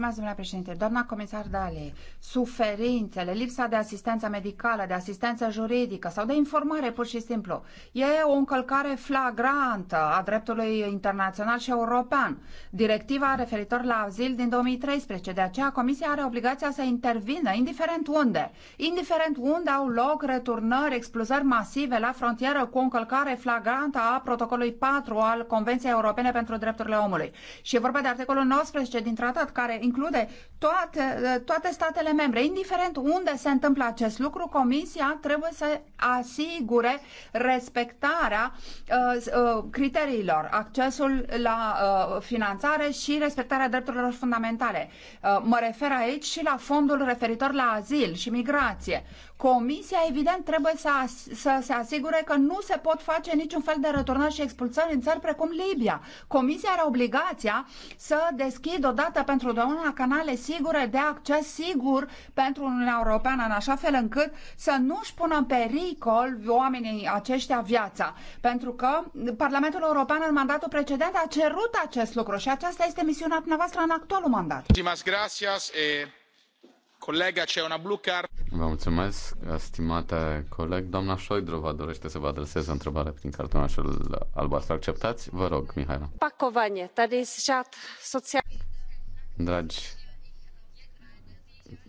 domnule președinte. Doamna comisar Dale, suferințele, lipsa de asistență medicală, de asistență juridică sau de informare pur și simplu, e o încălcare flagrantă a dreptului internațional și european. Directiva referitor la azil din 2013, de aceea Comisia are obligația să intervină, indiferent unde. Indiferent unde au loc returnări, explozări masive la frontieră cu o încălcare flagrantă a protocolului 4 al Convenției Europene pentru Drepturile Omului. Și e vorba de articolul 19 din tratat care include toate, toate statele membre. Indiferent unde se întâmplă acest lucru, Comisia trebuie să asigure respectarea uh, uh, criteriilor, accesul la uh, finanțare și respectarea drepturilor fundamentale. Uh, mă refer aici și la fondul referitor la azil și migrație. Comisia, evident, trebuie să, să se asigure că nu se pot face niciun fel de returnări și expulsări în țări precum Libia. Comisia are obligația să deschidă odată pentru doamna canale sigure de acces sigur pentru Uniunea Europeană, în așa fel încât să nu și pună în pericol oamenii aceștia viața. Pentru că Parlamentul European în mandatul precedent a cerut acest lucru și aceasta este misiunea dumneavoastră în actualul mandat.
Mulțumesc, gracias. E... Eh, Colega, c'è una blue card. Vă mulțumesc, stimate coleg. Doamna Șoidrova dorește să vă adreseze o întrebare prin cartonașul albastru. Acceptați? Vă rog, Mihaela.
Pakovanie, tady
žád social...
Dragi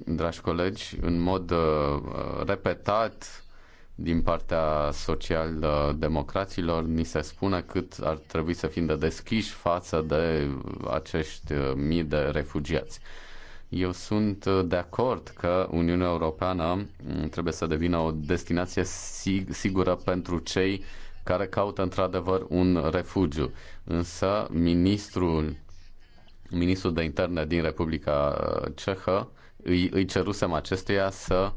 dragi colegi, în mod uh, repetat din partea social-democraților ni se spune cât ar trebui să fim de deschiși față de acești uh, mii de refugiați. Eu sunt uh, de acord că Uniunea Europeană mm, trebuie să devină o destinație sigură pentru cei care caută într-adevăr un refugiu. Însă ministrul, ministrul de interne din Republica Cehă îi, îi cerusem acestuia să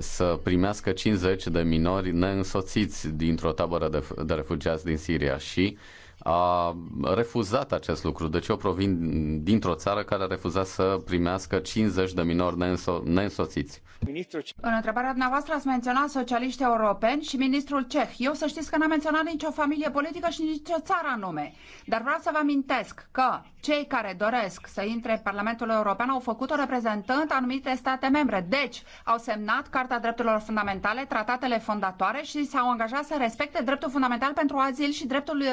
să primească 50 de minori neînsoțiți dintr-o tabără de, de refugiați din Siria și uh, a refuzat acest lucru. Deci eu provin dintr-o țară care a refuzat să primească 50 de minori neînso- neînsoțiți.
Ministru... În întrebarea dumneavoastră ați menționat socialiști europeni și ministrul ceh. Eu să știți că n-am menționat nicio familie politică și nicio țară anume. Dar vreau să vă amintesc că cei care doresc să intre în Parlamentul European au făcut-o reprezentând anumite state membre. Deci, au semnat Carta Drepturilor Fundamentale, tratatele fondatoare și s-au angajat să respecte dreptul fundamental pentru azil și dreptul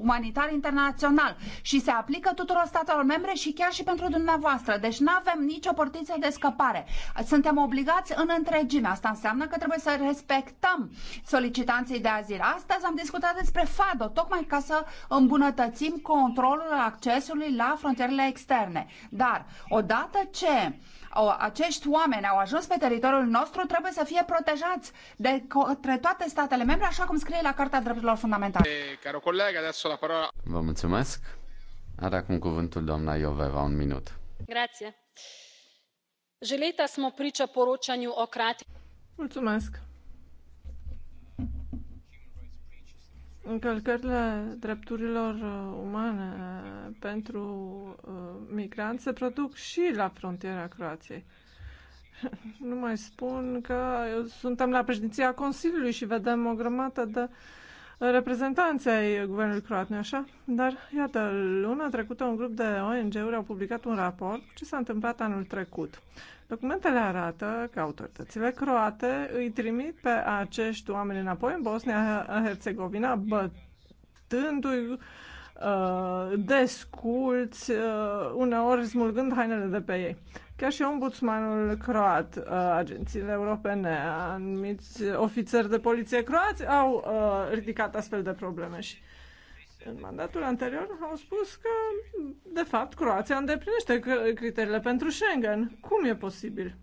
umanitar internațional. Și se aplică tuturor statelor membre și chiar și pentru dumneavoastră. Deci nu avem nicio portiță de scăpare. Suntem obligați în întregime. Asta înseamnă că trebuie să respectăm solicitanții de azil. Astăzi am discutat despre FADO, tocmai ca să îmbunătățim controlul acces accesului la frontierele externe. Dar, odată ce acești oameni au ajuns pe teritoriul nostru, trebuie să fie protejați de către toate statele membre, așa cum scrie la Carta Drepturilor Fundamentale.
Eh, caro colega, adesso la parola. Vă mulțumesc. Are acum cuvântul doamna Ioveva, un minut.
Grație.
smo priča poročanju o krati. Mulțumesc.
încălcările drepturilor uh, umane uh, pentru uh, migranți se produc și la frontiera Croației. Nu mai spun că suntem la președinția Consiliului și vedem o grămadă de uh, reprezentanței guvernului croat, nu așa? Dar, iată, luna trecută un grup de ONG-uri au publicat un raport cu ce s-a întâmplat anul trecut. Documentele arată că autoritățile croate îi trimit pe acești oameni înapoi în Bosnia-Herzegovina, bătându-i uh, desculți, uh, uneori smulgând hainele de pe ei. Chiar și ombudsmanul croat, uh, agențiile europene, anumiți ofițeri de poliție croați au uh, ridicat astfel de probleme și în mandatul anterior au spus că, de fapt, Croația îndeplinește criteriile pentru Schengen. Cum e posibil?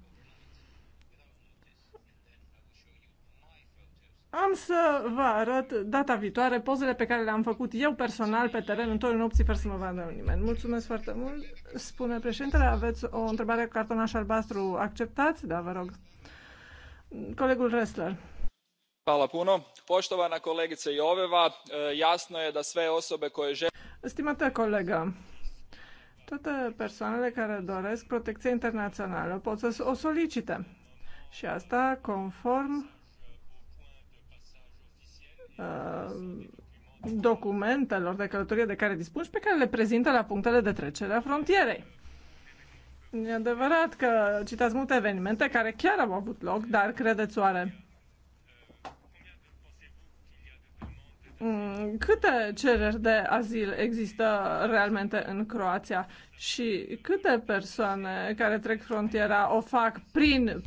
Am să vă arăt data viitoare pozele pe care le-am făcut eu personal pe teren în toiul nopții fără să mă vadă nimeni. Mulțumesc foarte mult. Spune președintele, aveți o întrebare cu cartonaș albastru. Acceptați? Da, vă rog. Colegul Ressler.
Hvala puno. Poštovana kolegice Joveva, jasno je da sve osobe koje žele...
Stimate kolega, toate persoanele care doresc protecție internațională pot să o solicite. Și asta conform Uh, documentelor de călătorie de care dispun și pe care le prezintă la punctele de trecere a frontierei. E adevărat că citați multe evenimente care chiar au avut loc, dar credeți oare Mm, câte cereri de azil există realmente în Croația și câte persoane care trec frontiera o fac prin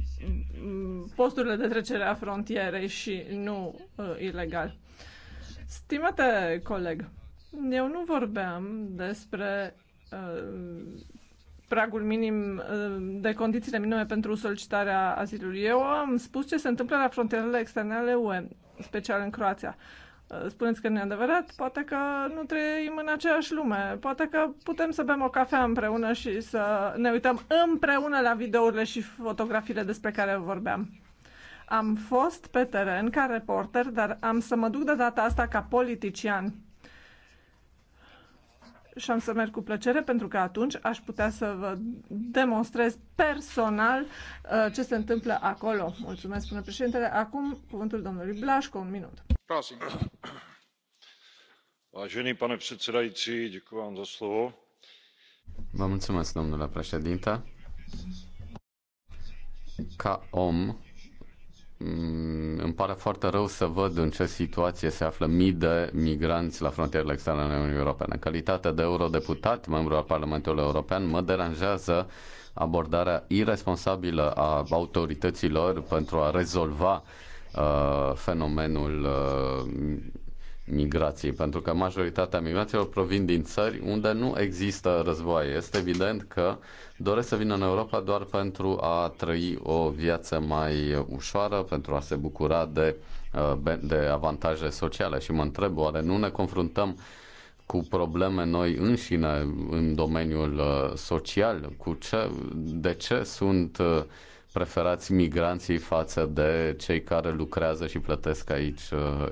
mm, posturile de trecere a frontierei și nu uh, ilegal. Stimate coleg, eu nu vorbeam despre uh, pragul minim uh, de condițiile minime pentru solicitarea azilului. Eu am spus ce se întâmplă la frontierele externe ale UE, special în Croația spuneți că nu e adevărat, poate că nu trăim în aceeași lume, poate că putem să bem o cafea împreună și să ne uităm împreună la videourile și fotografiile despre care vorbeam. Am fost pe teren ca reporter, dar am să mă duc de data asta ca politician și am să merg cu plăcere pentru că atunci aș putea să vă demonstrez personal uh, ce se întâmplă acolo. Mulțumesc, până președintele. Acum cuvântul domnului Blașco, un minut. Prosim. Vážený pane předsedající, děkuji vám za slovo.
Vă mulțumesc, domnule președinte. Ca om, Mm, îmi pare foarte rău să văd în ce situație se află mii de migranți la frontierele externe ale Uniunii Europene. În calitate de eurodeputat, membru al Parlamentului European, mă deranjează abordarea irresponsabilă a autorităților pentru a rezolva uh, fenomenul uh, migrației, pentru că majoritatea migrațiilor provin din țări unde nu există războaie. Este evident că doresc să vină în Europa doar pentru a trăi o viață mai ușoară, pentru a se bucura de, uh, de avantaje sociale. Și mă întreb, oare nu ne confruntăm cu probleme noi înșine în domeniul uh, social? Cu ce, de ce sunt uh, preferați migranții față de cei care lucrează și plătesc aici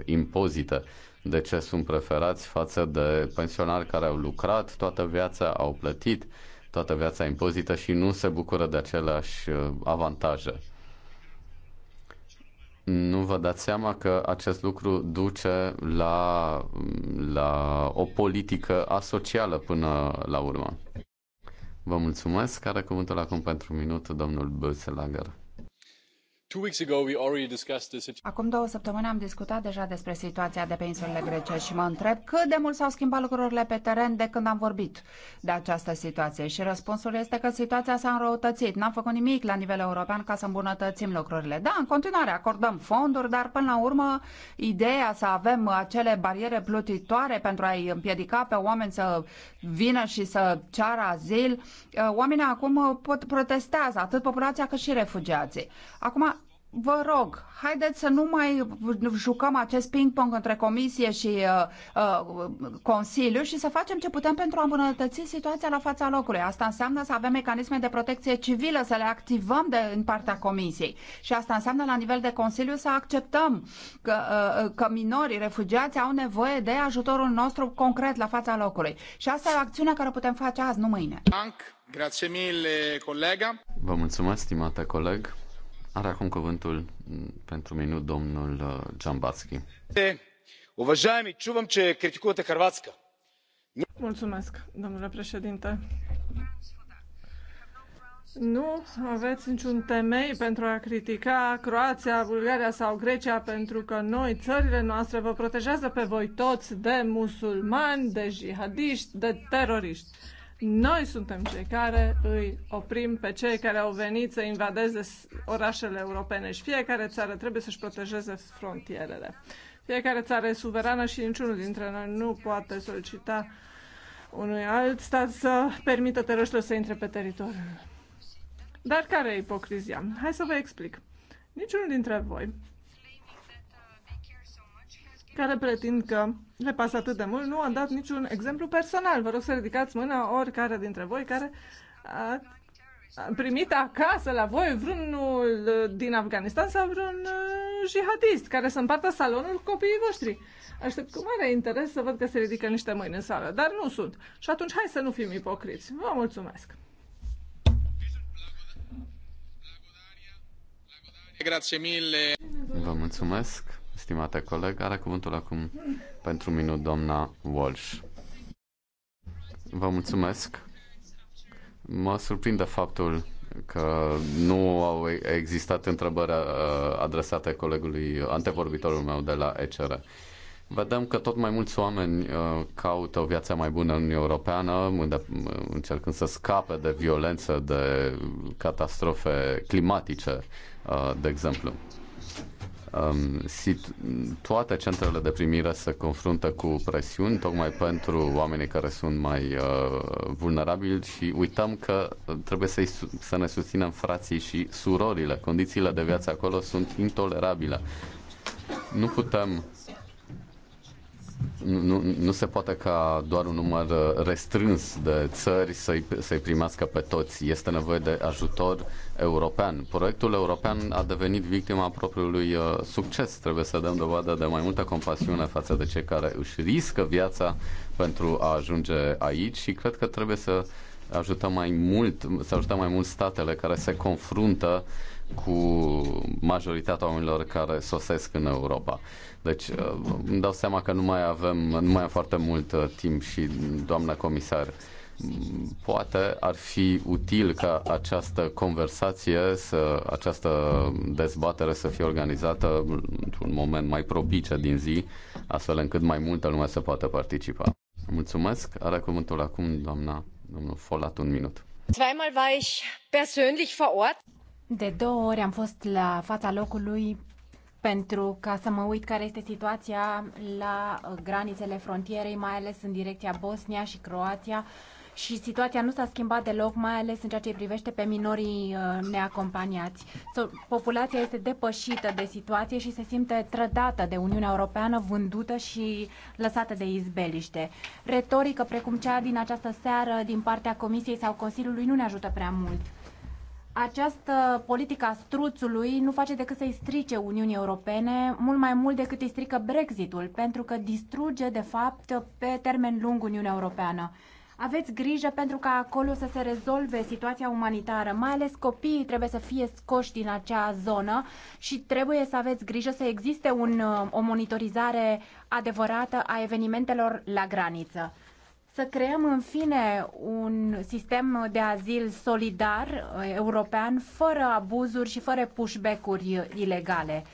impozite? de ce sunt preferați față de pensionari care au lucrat toată viața, au plătit toată viața impozită și nu se bucură de aceleași uh, avantaje. Nu vă dați seama că acest lucru duce la, la o politică asocială până la urmă. Vă mulțumesc. Care cuvântul acum pentru un minut, domnul Böselager?
Acum două săptămâni am discutat deja despre situația de pe insulele grece și mă întreb cât de mult s-au schimbat lucrurile pe teren de când am vorbit de această situație. Și răspunsul este că situația s-a înrăutățit. N-am făcut nimic la nivel european ca să îmbunătățim lucrurile. Da, în continuare acordăm fonduri, dar până la urmă ideea să avem acele bariere plutitoare pentru a-i împiedica pe oameni să vină și să ceară azil, eh, oamenii acum pot protestează, atât populația cât și refugiații. Acum, vă rog, haideți să nu mai jucăm acest ping-pong între Comisie și uh, uh, Consiliu și să facem ce putem pentru a îmbunătăți situația la fața locului. Asta înseamnă să avem mecanisme de protecție civilă, să le activăm de, în partea Comisiei. Și asta înseamnă la nivel de Consiliu să acceptăm că, uh, că minorii, refugiații au nevoie de ajutorul nostru concret la fața locului. Și asta e o acțiune care putem face azi, nu mâine.
Vă mulțumesc, stimată coleg. Are acum cuvântul mm, pentru minut domnul uh, Giambatski.
Уважаеми, чувам, че критикувате Хрватска. Mulțumesc, domnule președinte. Nu aveți niciun temei pentru a critica Croația, Bulgaria sau Grecia, pentru că noi, țările noastre, vă protejează pe voi toți de musulmani, de jihadiști, de teroriști. Noi suntem cei care îi oprim pe cei care au venit să invadeze orașele europene și fiecare țară trebuie să-și protejeze frontierele. Fiecare țară e suverană și niciunul dintre noi nu poate solicita unui alt stat să permită teroriștilor să intre pe teritoriul. Dar care e ipocrizia? Hai să vă explic. Niciunul dintre voi care pretind că le pasă atât de mult, nu a dat niciun exemplu personal. Vă rog să ridicați mâna oricare dintre voi care a primit acasă la voi vreunul uh, din Afganistan sau vreun uh, jihadist care să împartă salonul copiii voștri. Aștept cu mare interes să văd că se ridică niște mâini în sală, dar nu sunt. Și atunci hai să nu fim ipocriți. Vă mulțumesc!
Vă mulțumesc! stimate coleg. Are cuvântul acum pentru un minut doamna Walsh. Vă mulțumesc. Mă surprinde faptul că nu au existat întrebări uh, adresate colegului antevorbitorul meu de la ECR. Vedem că tot mai mulți oameni uh, caută o viață mai bună în Uniunea Europeană, uh, încercând să scape de violență, de catastrofe climatice, de exemplu. Um, toate centrele de primire se confruntă cu presiuni tocmai pentru oamenii care sunt mai uh, vulnerabili și uităm că trebuie să, să ne susținem frații și surorile. Condițiile de viață acolo sunt intolerabile. Nu putem nu, nu se poate ca doar un număr restrâns de țări să-i, să-i primească pe toți. Este nevoie de ajutor european. Proiectul european a devenit victima propriului uh, succes. Trebuie să dăm dovadă de mai multă compasiune față de cei care își riscă viața pentru a ajunge aici și cred că trebuie să ajutăm mai mult, să ajutăm mai mult statele care se confruntă uh, cu majoritatea oamenilor care sosesc în Europa. Deci uh, îmi dau seama că nu mai avem, nu mai am foarte mult uh, timp și, doamna comisar, poate ar fi util ca această conversație, să, această dezbatere să fie organizată într-un moment mai propice din zi, astfel încât mai multă lume să poată participa. Mulțumesc. Are cuvântul acum doamna, domnul Folat, un minut.
Zweimal war ich persönlich vor Ort. De două ori am fost la fața locului pentru ca să mă uit care este situația la uh, granițele frontierei, mai ales în direcția Bosnia și Croația. Și situația nu s-a schimbat deloc, mai ales în ceea ce privește pe minorii uh, neacompaniați. Populația este depășită de situație și se simte trădată de Uniunea Europeană, vândută și lăsată de izbeliște. Retorică precum cea din această seară din partea Comisiei sau Consiliului nu ne ajută prea mult această politică a struțului nu face decât să-i strice Uniunii Europene mult mai mult decât îi strică Brexitul, pentru că distruge, de fapt, pe termen lung Uniunea Europeană. Aveți grijă pentru ca acolo să se rezolve situația umanitară, mai ales copiii trebuie să fie scoși din acea zonă și trebuie să aveți grijă să existe un, o monitorizare adevărată a evenimentelor la graniță să creăm în fine un sistem de azil solidar eh, european, fără abuzuri și fără pushback-uri ilegale.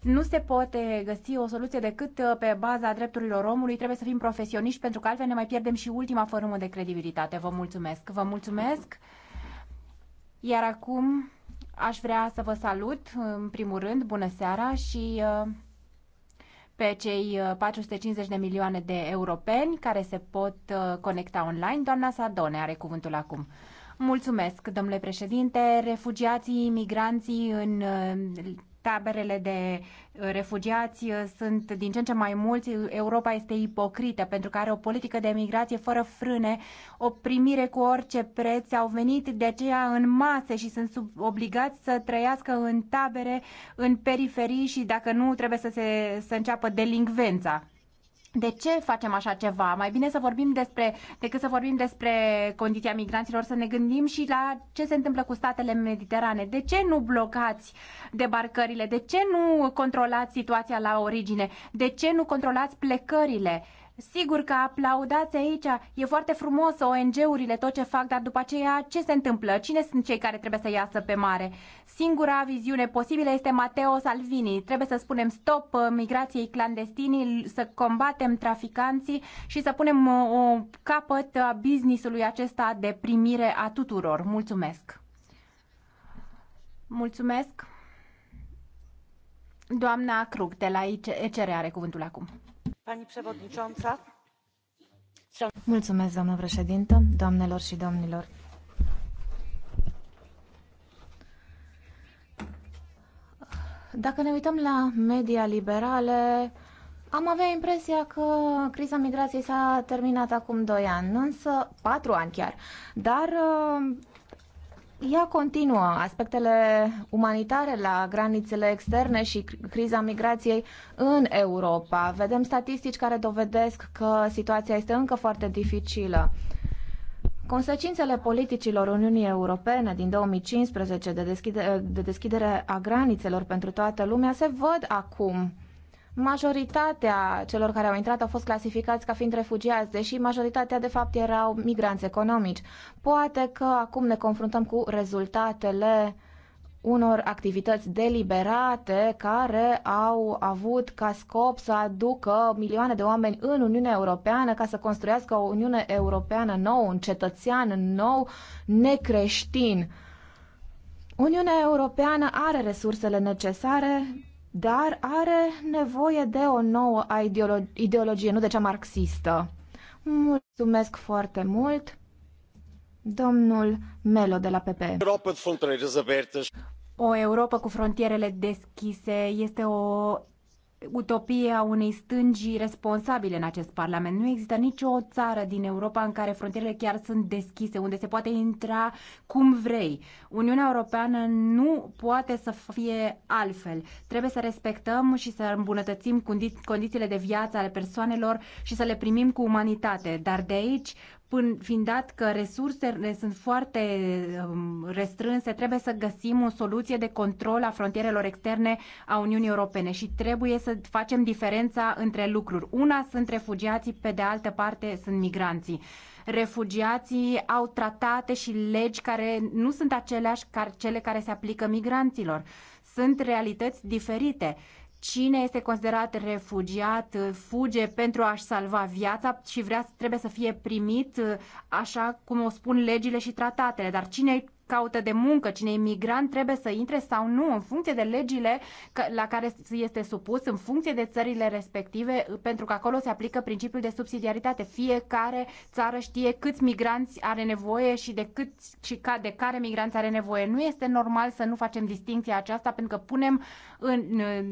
Nu se poate găsi o soluție decât eh, pe baza drepturilor omului. Trebuie să fim profesioniști pentru că altfel ne mai pierdem și ultima formă de credibilitate. Vă mulțumesc! Vă mulțumesc! Iar acum aș vrea să vă salut, în primul rând, bună seara și uh, pe cei 450 uh, de milioane de europeni care se pot uh, conecta online. Doamna Sadone are cuvântul acum. Mulțumesc, domnule președinte. Refugiații, migranții în uh, taberele de uh, refugiați uh, sunt din ce în ce mai mulți, Europa este ipocrită pentru că are o politică de emigrație fără frâne, o primire cu orice preț, au venit de aceea în mase și sunt sub, obligați să trăiască în tabere, în periferii și dacă nu trebuie să, se, să înceapă delinvența. De ce facem așa ceva? Mai bine să vorbim despre, decât să vorbim despre condiția migranților, să ne gândim și la ce se întâmplă cu statele mediterane. De ce nu blocați debarcările? De ce nu controlați situația la origine? De ce nu controlați plecările? Sigur că aplaudați aici, e foarte frumos ONG-urile, tot ce fac, dar după aceea ce se întâmplă? Cine sunt cei care trebuie să iasă pe mare? Singura viziune posibilă este Matteo Salvini. Trebuie să spunem stop uh, migrației clandestinii, să combatem traficanții și să punem uh, o capăt a uh, businessului acesta de primire a tuturor. Mulțumesc! Mulțumesc! Doamna Crug de la ICR are cuvântul acum. Mulțumesc, doamnă președintă,
doamnelor și domnilor. Dacă ne uităm la media liberale, am avea impresia că criza migrației s-a terminat acum 2 ani, însă 4 ani chiar. Dar ea continuă. Aspectele umanitare la granițele externe și criza migrației în Europa. Vedem statistici care dovedesc că situația este încă foarte dificilă. Consecințele politicilor Uniunii Europene din 2015 de, deschide, de deschidere a granițelor pentru toată lumea se văd acum Majoritatea celor care au intrat au fost clasificați ca fiind refugiați, deși majoritatea de fapt erau migranți economici. Poate că acum ne confruntăm cu rezultatele unor activități deliberate care au avut ca scop să aducă milioane de oameni în Uniunea Europeană ca să construiască o Uniune Europeană nouă, un cetățean nou, necreștin. Uniunea Europeană are resursele necesare dar are nevoie de o nouă ideolo ideologie, nu de cea marxistă. Mulțumesc foarte mult,
domnul Melo de la PP. O Europa cu frontierele deschise este o utopia unei stângi responsabile în acest Parlament. Nu există nicio țară din Europa în care frontierele chiar sunt deschise, unde se poate intra cum vrei. Uniunea Europeană nu poate să fie altfel. Trebuie să respectăm și să îmbunătățim condi- condițiile de viață ale persoanelor și să le primim cu umanitate. Dar de aici Până, fiind dat că resursele sunt foarte um, restrânse, trebuie să găsim o soluție de control a frontierelor externe a Uniunii Europene și trebuie să facem diferența între lucruri. Una sunt refugiații, pe de altă parte sunt migranții refugiații au tratate și legi care nu sunt aceleași ca cele care se aplică migranților. Sunt realități diferite cine este considerat refugiat fuge pentru a-și salva viața și vrea, trebuie să fie primit așa cum o spun legile și tratatele. Dar cine caută de muncă, cine e migrant trebuie să intre sau nu, în funcție de legile la care este supus, în funcție de țările respective, pentru că acolo se aplică principiul de subsidiaritate. Fiecare țară știe câți migranți are nevoie și de, cât, și ca, de care migranți are nevoie. Nu este normal să nu facem distinția aceasta, pentru că punem în, în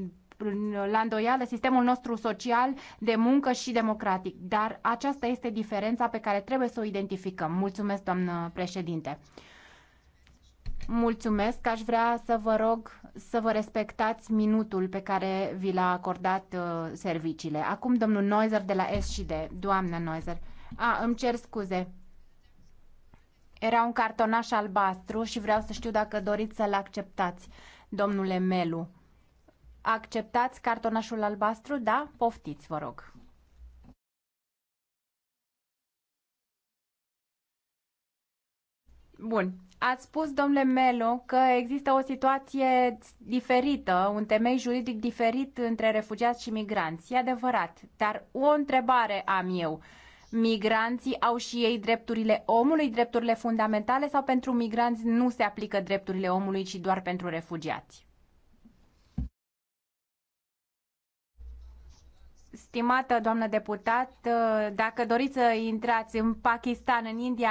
la îndoială sistemul nostru social de muncă și democratic. Dar aceasta este diferența pe care trebuie să o identificăm. Mulțumesc, doamnă președinte. Mulțumesc. Aș vrea să vă rog să vă respectați minutul pe care vi l-a acordat uh, serviciile. Acum domnul Noizer de la SCD, Doamna Noizer. A, îmi cer scuze. Era un cartonaș albastru și vreau să știu dacă doriți să-l acceptați, domnule Melu. Acceptați cartonașul albastru? Da? Poftiți, vă rog. Bun. Ați spus, domnule Melo, că există o situație diferită, un temei juridic diferit între refugiați și migranți. E adevărat, dar o întrebare am eu. Migranții au și ei drepturile omului, drepturile fundamentale sau pentru migranți nu se aplică drepturile omului, ci doar pentru refugiați? Stimată doamnă deputat, dacă doriți să intrați în Pakistan, în India,